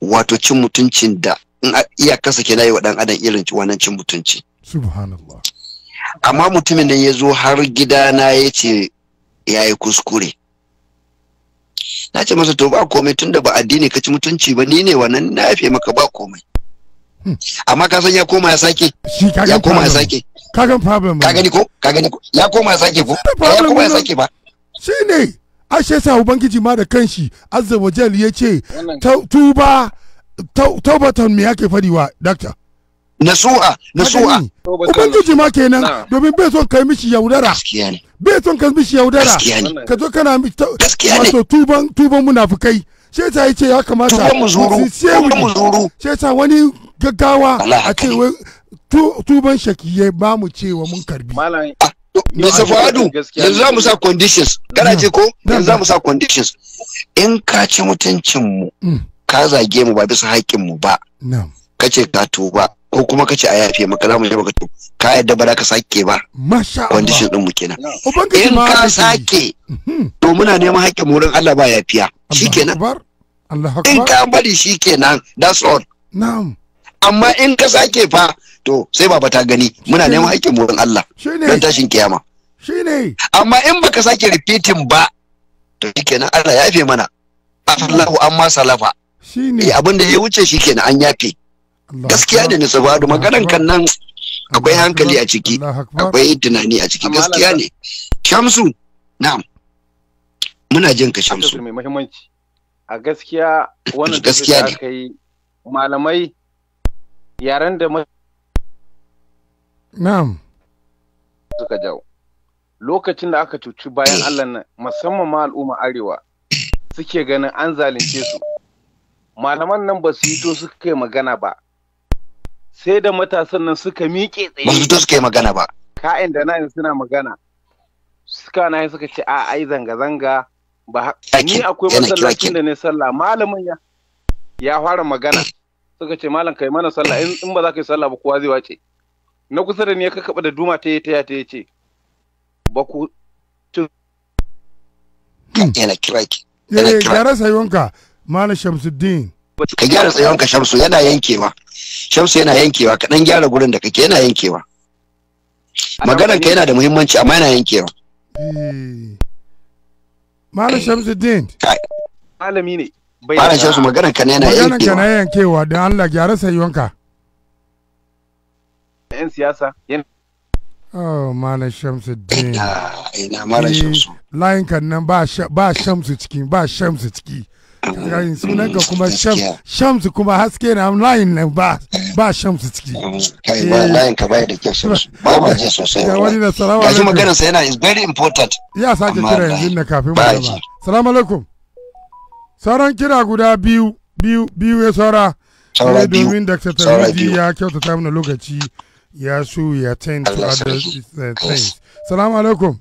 wato cin mutuncin da in iya kasa ke yi wa ɗan irin wannan cin mutunci amma mutumin nan ya zo har gidana ya ce ya yi kuskure na ce masa to ba komai tunda ba addini ka ci mutunci ba ni ne wannan na yafe maka ba komai amma ka san ya koma ya sake ya koma ya sake kagan problem ka gani ko ka gani ko ya koma ya sake ko ya koma ya sake ba shine ashe sa ubangiji ma da kanshi azza wajal ya ce tuba taubatan me yake fadi wa doctor nasu'a nasu'a ubangiji ma kenan domin bai son kai mishi yaudara bai son kai mishi yaudara ka zo kana wato tuban tuban munafukai sai ta yi ce ya kamata tuban muzuru tuban muzuru sai ta wani gaggawa a ce wai tuban shakiyai ba mu wa mun karbi ah, Mr. Fuadu, yanzu za mu sa conditions. Kana ce ko? Yanzu za mu sa conditions. In ka ci mutuncin mu, mm. ka zage mu ba bisa mu ba. Ka ce ka tuba, ko kuma ka ce a yafe maka za mu je maka to. Ka yadda ba za ka sake ba. Masha Allah. Conditions ɗinmu kenan. In ka sake, mhm. to muna neman mu wurin Allah ba yafiya. Shi kenan. In ka bari shi kenan, that's all. Na'am. amma in ka sake fa to sai baba ta gani muna neman aikin wurin Allah don tashin kiyama shine amma in baka sake repeating ba to shikenan Allah ya yafe mana afallahu amma salafa shine eh, abin da ya wuce shikenan an yafe gaskiya da nisabadu maganan kan nan akwai hankali a ciki akwai tunani a ciki gaskiya ne shamsu na'am muna jin ka shamsu mai muhimmanci a gaskiya wannan gaskiya ne malamai yaren da Na'am. suka jawo lokacin da aka cuci bayan Allah na musamman ma al'umma arewa suke ganin an zalunce su malaman nan ba su yi to suka yi magana ba sai da matasan nan suka miƙe tsaye ba su to suka yi magana ba ka'in da na'in suna magana suka na suka ce a ai zanga-zanga ba ni akwai masallacin da ne sallah malamin ya ya fara magana suka ce malam kai mana sallah in ba za ka yi sallah ba kowa zai wace na kusa da ni ya kakaba da duma ta yi ta ya ce ba ku ci yana kira ki yana kira gyara eh, sayonka malam shamsuddin ka gyara tsayonka shamsu yana yankewa shamsu yana yankewa ka dan gyara gurin da kake yana yankewa maganar ka yana da muhimmanci amma yana yankewa eh. malam shamsuddin malami ne bai da su maganar ka na yana yankewa maganar ka na yankewa don Allah gyara sayuwanka yan siyasa yan Oh, Malam Shamsuddin. Ina, ina Malam eh, Shamsu. Layin kan nan ba Shamsu ciki, ba Shamsu ciki. Yayin sunan ka mm, kuma Shamsu kuma haske na layin nan ba ba Shamsu ciki. Mm, kai ba eh. layin ka bai da kyau Shamsu. Ba ma je sosai. Ya wani da salamu alaikum. Yanzu maganar sa yana is very important. Ya sake kira yanzu na kafin mu gaba. Salamu alaikum. sauran kira guda biyu biyu biyu ya saura saura domin da tarihi ya kyautata mana lokaci ya su ya tain to other things salamu alaikum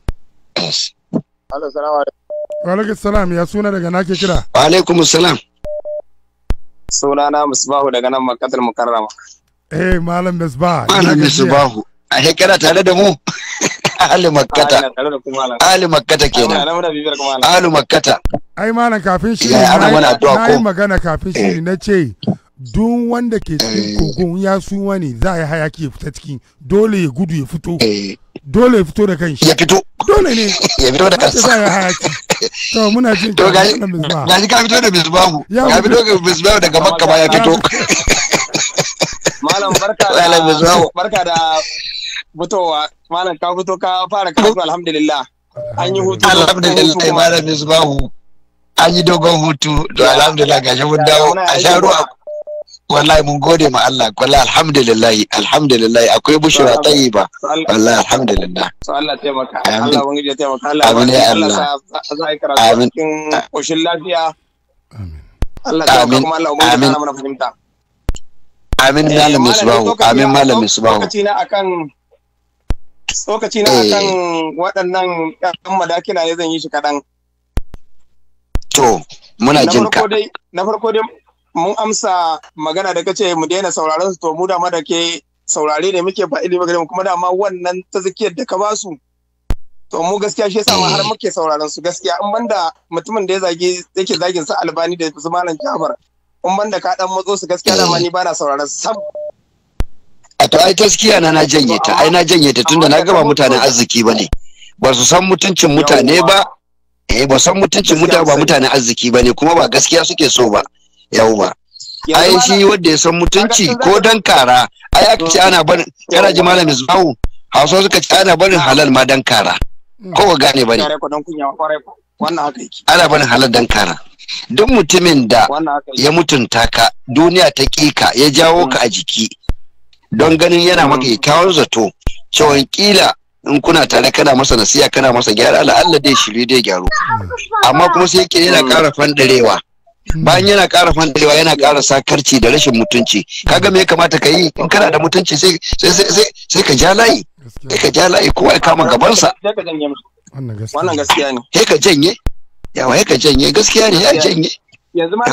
wa salam ya suna daga nake kira wa alaikum suna sunana musbahu daga nan makatar mukarrama eh malam musbahu malam musbahu a kana tare da mu ahli makkata ahli makkata kenan ahli makkata ai malam kafin shi ai magana kafin shi eh. na ce duk wanda ke eh. cikin kogon ya suma ne za a yi hayaki ya fita cikin dole ya gudu ya fito eh. dole ya fito da kan shi ya fito dole ne ya fito da kansa za a yi hayaki to muna jin to ga ni ga ni ka fito da bisbahu ya fito da bisbahu daga makka ba ya fito malam barka da barka da fitowa malam ka fito ka fara karatu alhamdulillah an yi hutu alhamdulillah malam misbahu an yi dogon hutu to alhamdulillah ga shi mun dawo a sha ruwa wallahi mun gode ma Allah wallahi alhamdulillah alhamdulillah akwai bushra tayyiba wallahi alhamdulillah so Allah taimaka Allah wani ya taimaka Allah amin ya Allah za a yi karatu amin koshin lafiya amin Allah taimaka kuma Allah ubangiji ya mana fahimta amin eh, malam misbahu amin malam misbahu lokaci na akan lokaci na eh. akan waɗannan ƴan madakina ne zan yi shi kaɗan. To, muna jin ka. Na farko dai mun amsa magana da kace mu daina sauraron su to mu da ma da ke saurare ne muke faɗi ba mu kuma dama wannan ta zakiyar da ka ba su. To mu gaskiya shi yasa ma har eh. muke sauraron su gaskiya in banda mutumin da ya zage yake zagin sa albani da su malam Jafar. In banda ka dan matso su gaskiya eh. da ma ni ba na sauraron su to ai gaskiya na na janye ta ai na janye ta tunda na gaba mutanen arziki ba ne ba su san mutuncin mutane ba eh ba san mutuncin mutane ba mutanen arziki ba ne kuma ba gaskiya suke so ba yauwa ai shi wanda ya san mutunci ko dan kara ai aka ce ana barin kana ji malam Isma'u Hausa suka ce ana barin halal ma dan kara ko ga gane bane ana barin halal dan kara duk mutumin da ya mutunta ka duniya ta ƙi ka ya jawo ka a jiki don ganin yana mm. maka kyakkyawan zato cewon kila in kuna tare kana masa nasiya kana masa gyara la'alla dai shirye dai gyaro amma kuma sai yake yana mm. ƙara fandarewa mm. bayan yana ƙara fandarewa yana ƙara sakarci da rashin mutunci kaga me ya kamata ka yi in kana da mutunci sai sai ka ja layi sai ka ja layi kowa ya kama gabansa wannan gaskiya ne sai ka janye yawa sai ka janye gaskiya ne ya janye yanzu ma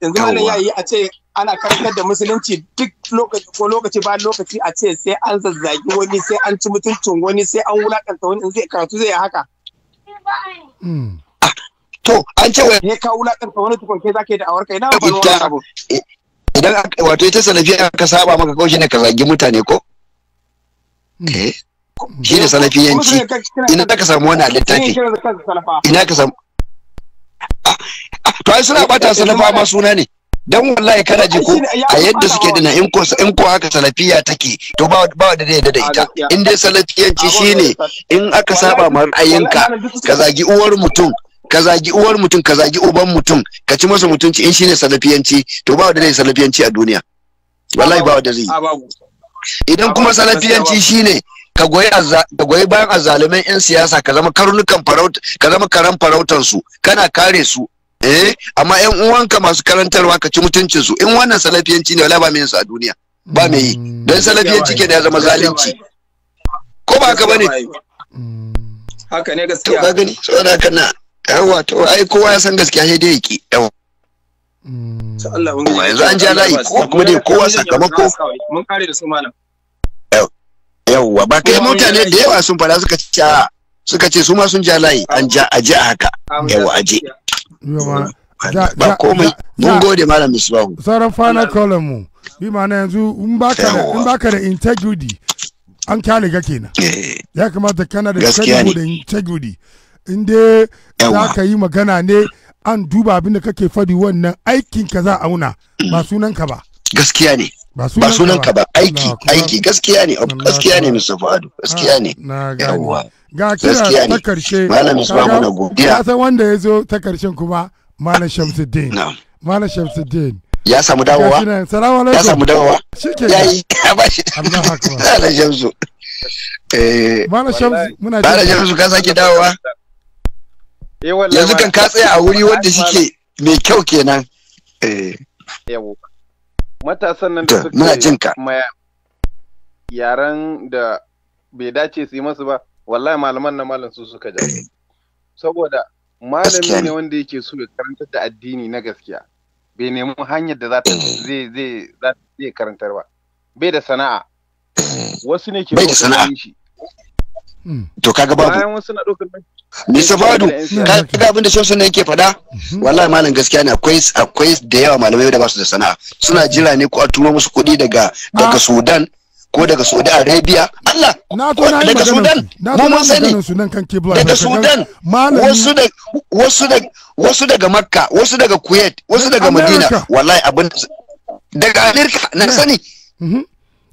yanzu ma ya yi a ce ana karkar da musulunci duk lokaci ko lokaci ba lokaci a ce sai an zazzagi wani sai an ci mutuncin wani sai an wulakanta wani zai karatu zai haka hmm. to an ce Ne ka wulakanta wani tukun kai zaka yi da awar kai na ban wani abu idan wato ita salafiya ka saba maka kawai ne ka zagi mutane ko hmm. eh shi ne yanki ina ka samu wani a littafi ina ka samu ah, ah, to ai suna bata salafa ma suna ne dan wallahi kana ji ko a yadda suke dina in ko in ko haka salafiya take to ba ba da dai da ita in dai salafiyanci shine in aka saba ma ra'ayinka ka zagi uwar mutum ka zagi uwar mutum ka zagi uban mutum ka ci masa mutunci in shine salafiyanci to ba da dai salafiyanci a duniya wallahi ba da zai idan kuma salafiyanci shine ka goyi ka goyi bayan azzalumin yan siyasa ka zama karnukan farauta ka zama karan farautan su kana kare su eh amma yan uwanka masu karantarwa ka ci mutuncin su in wannan salafiyanci ne wala ba mai su a duniya ba mai yi mm. don salafiyanci ke da ya zama zalunci ko ba ka bane mm. haka ne gaskiya ka gani saboda haka na yawa to ai kowa ya san gaskiya sai dai yake yawa mm. yanzu an ja layi ko kuma dai kowa sakamako mun kare da su malam yawwa ba kai mutane da yawa sun fara suka ce suka ce su ma sun ja layi an ja aje haka yawa aje ba komai mun gode malam misbahu sauran final column mu bi ma'ana yanzu in baka da integrity an kyale ga kenan eh. ya kamata kana da sanin da integrity in dai za ka yi magana ne an duba abin da kake fadi wannan aikin ka za auna ba mm. sunan ka ba gaskiya ne ba sunan ka ba aiki aiki gaskiya ne gaskiya ne Mr. Fadu gaskiya ne yawwa ga kira ta karshe malam Isma muna godiya ya san wanda ya zo ta karshen kuma malam Shamsuddin malam Shamsuddin ya samu dawowa salamu alaikum ya samu dawowa yayi ya bashi Allahu akbar malam Shamsu eh malam Shamsu muna malam Shamsu ka sake dawowa eh, yanzu kan ka tsaya a wuri wanda shike mai kyau kenan eh yawwa matasan nan da suka yaran da bai dace su yi masu ba wallahi malaman na malam su suka ja eh. saboda malami ne wanda yake so ya karanta da addini na gaskiya bai nemi hanyar da za ta eh. zai zai zai karantar ba bai da sana'a eh. wasu ne ke so da sana'a shi hmm. to kaga babu bayan wasu na dokar Mr. Fadu, kada abin da sosan yake faɗa? Mhm. Wallahi malam gaskiya ne akwai akwai da yawa malamai da ba su da sana'a. Suna mhm. jira ne ko a turo musu kuɗi daga daga ah. Sudan ko daga Saudi Arabia. Allah. Na ko na daga Sudan. Mu mun sani. Daga Sudan. Wasu da wasu da wasu daga Makka, wasu daga Kuwait, wasu daga Madina. Wallahi abin daga Amerika na sani. Mhm.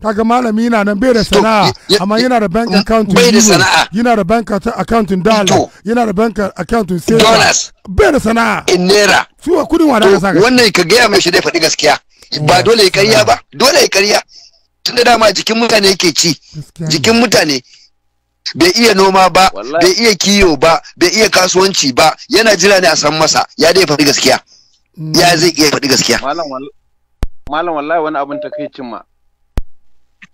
kaga malami yana nan bai da sana'a amma yana da bank mm, account bai da sana'a yana da bank account in dollar yana da bank account in dollars bai da sana'a in naira su wa kudin da ka saka wannan ka gaya mai shi dai faɗi gaskiya ba dole ya karya ba dole ya karya tunda dama jikin mutane yake ci jikin mutane bai iya noma ba bai iya kiyo ba bai iya kasuwanci ba yana jira ne a san masa ya dai faɗi gaskiya ya mm. zai iya faɗi gaskiya malam wallahi wani abin takaicin ma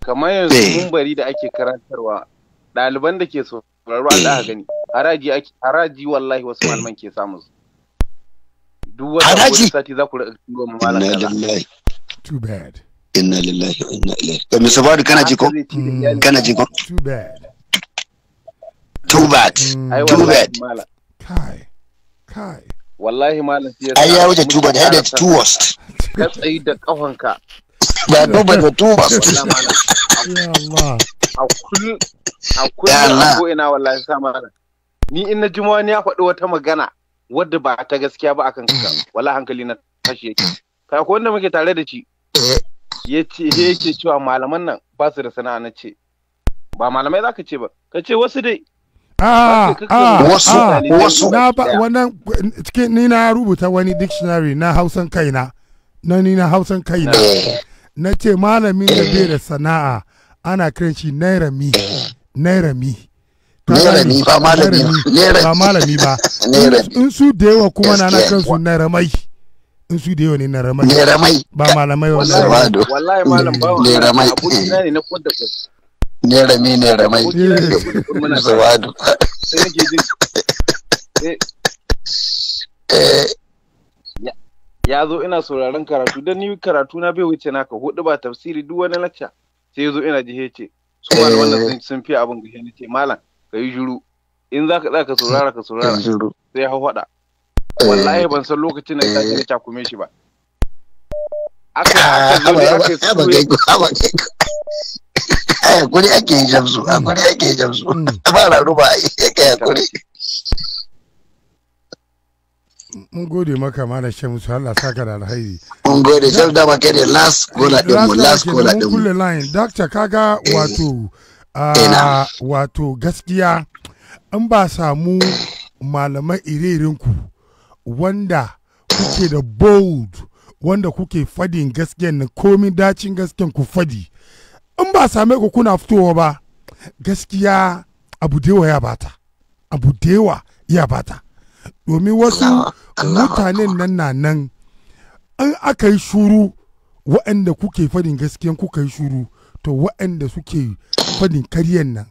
kamar yanzu eh. mumbari da ake karantarwa ɗaliban da ke sauraro Allah eh. gani haraji ake haraji wallahi wasu eh. malaman ke samu su duk wata wani sati za ku rika tuwa mu malam lillahi too bad inna lillahi inna ilaihi to Mr. Badu kana ji ko kana ji ko too bad too bad mm. too bad kai kai wallahi malam sai ai ya wuce too bad had it too worst ka tsayi da kafanka ya duba da duba a kullum ko ina wallahi sa ni in na jima ya faɗi wata magana wadda ba ta gaskiya ba akan kasa wala hankali na tashi yake kai ko wanda muke tare da shi ya ce yake cewa malaman nan ba su da sana'a na ce ba malamai za ka ce ba ka ce wasu dai ah, ah, wasu wasu na ba wannan cikin ni na rubuta wani dictionary na hausan kaina na ni na hausan kaina eh. na ce malamin da bai da sana'a ana kiran shi nairami nairami nairami ba malami ba malami ba in su da yawa kuma na na kan su nairamai in su da yawa ne nairamai nairamai ba malamai wallahi wallahi malam ba nairamai abokina ne na kodda nairamai nairamai zawadu sai nake eh. ya zo ina sauraron karatu don ni karatu na bai wuce naka hudu ba tafsiri duk wani lacca sai ya zo ina jihe ce su ma wannan sun fi abin gashe ni ce malam ka juru in za ka za ka saurara ka saurara sai hau hada wallahi ban san lokacin da ta ji ta kume shi ba aka ah, aka zo ne aka hakuri ake yin jamsu kuri ake yin jamsu hmm. ba na ruba yake kuri? mun gode maka mana shi musu Allah saka da alhairi mun gode shi da maka da last gola din mu last gola din mu kulle line doctor kaga eh. wato ah, eh, wato gaskiya an ba samu malamai irerin ku wanda kuke da bold wanda kuke fadin gaskiyan na komi dacin gaskiyan ku fadi in ba same ku kuna fitowa ba gaskiya abu dewa ya bata abu dewa ya bata domin wasu mutanen nan na nan an aka yi shuru wa'anda kuke fadin gaskiyan kuka yi shuru to wa'anda suke fadin karyan nan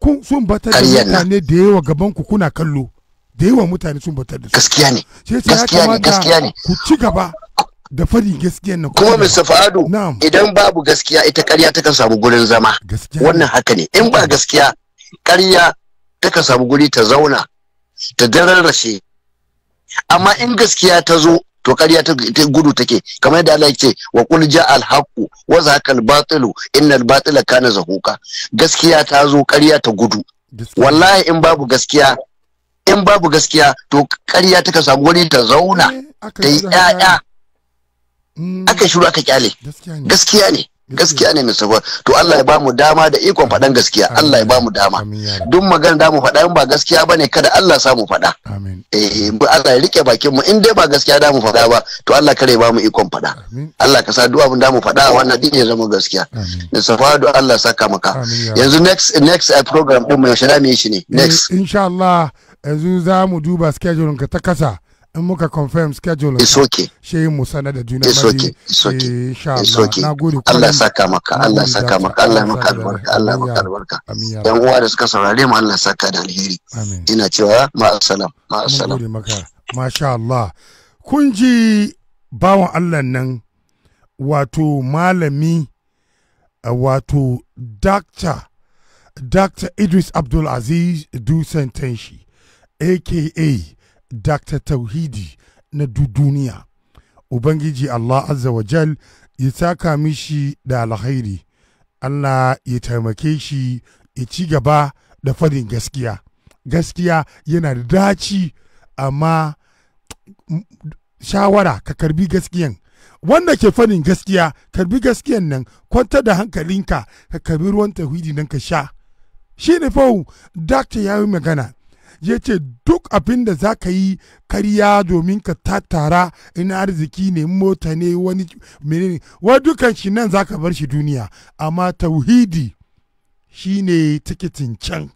kun sun batar da mutane da yawa gaban ku kuna kallo da yawa mutane sun batar da su gaskiya ne gaskiya ne gaskiya ne ku ci gaba da fari gaskiya na kuma Mr. Fa'adu idan babu gaskiya ita karya takan samu gurin zama wannan haka ne in ba gaskiya karya takan samu guri ta zauna ta dararrashe amma in gaskiya ta zo to ƙarya ta gudu take kamar yadda Allah ce wa ja al haqu wa zaqal batilu innal batila kana zahuka gaskiya ta zo ƙarya ta gudu wallahi in babu gaskiya in babu gaskiya to ƙarya ta samu wani ta zauna eh, ta yi ƴaƴa mm. aka shiru aka kyale gaskiya ne gaskiya ne Mr. Ford to Allah ya ba mu dama da ikon faɗan gaskiya Allah ya ba mu dama duk magana da mu faɗa in ba gaskiya ba ne. kada Allah sa mu faɗa eh Allah ya rike bakin mu in dai ba gaskiya da mu faɗa ba to Allah kare ba mu ikon faɗa Allah ka sa duk abin da mu faɗa wannan din ya zama gaskiya Mr. Ford Allah saka maka yanzu next next eh, program din mu yaushe da mu yi shi ne eh, next insha Allah yanzu za mu duba schedule ka ta kasa in muka confirm schedule it's okay shi mu sanar da juna it's okay it's okay eh, it's okay Allah saka maka Allah saka maka Allah maka albarka Allah maka albarka dan uwa da suka saurare mu Allah saka da alheri ina cewa ma assalam ma assalam masha Allah kun ji bawan Allah nan wato malami eh, wato doctor Dr. Idris Abdul Aziz Dusan Tenshi aka Dr. Tauhidi na duniya. Ubangiji Allah Azza wa Jal ya saka mishi da alkhairi. Allah ya taimake shi ya ci gaba da fadin gaskiya. Gaskiya yana da daci amma shawara ka karbi gaskiyan. Wanda ke faɗin gaskiya, karbi gaskiyan nan, kwanta da hankalinka, ka karbi ruwan tauhidi nan ka sha. Shi ne fau dakta ya yi magana, ya ce duk abin da za ka yi karya domin ka tattara ina arziki ne mota ne wani menene wai dukan shi nan za ka bar shi duniya amma tauhidi shi ne tikitin can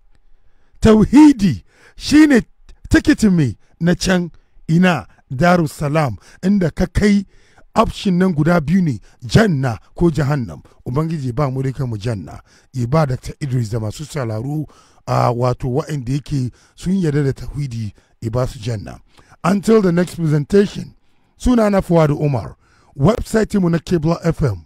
tauhidi shi ne tikitin mai na can ina darussalam inda ka kai option nan guda biyu ne janna ko jahannam ubangiji ba mu mu janna ya ba da idris da masu salaru a wato waɗanda yake sun yarda da tawhidi ibasu janna until the next presentation suna na fawadu umar website mu na kibla fm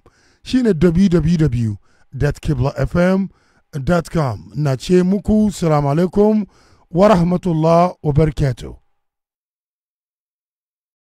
shine www.kiblafm.com na ce muku salamu alaikum wa rahmatullah wa barakatuh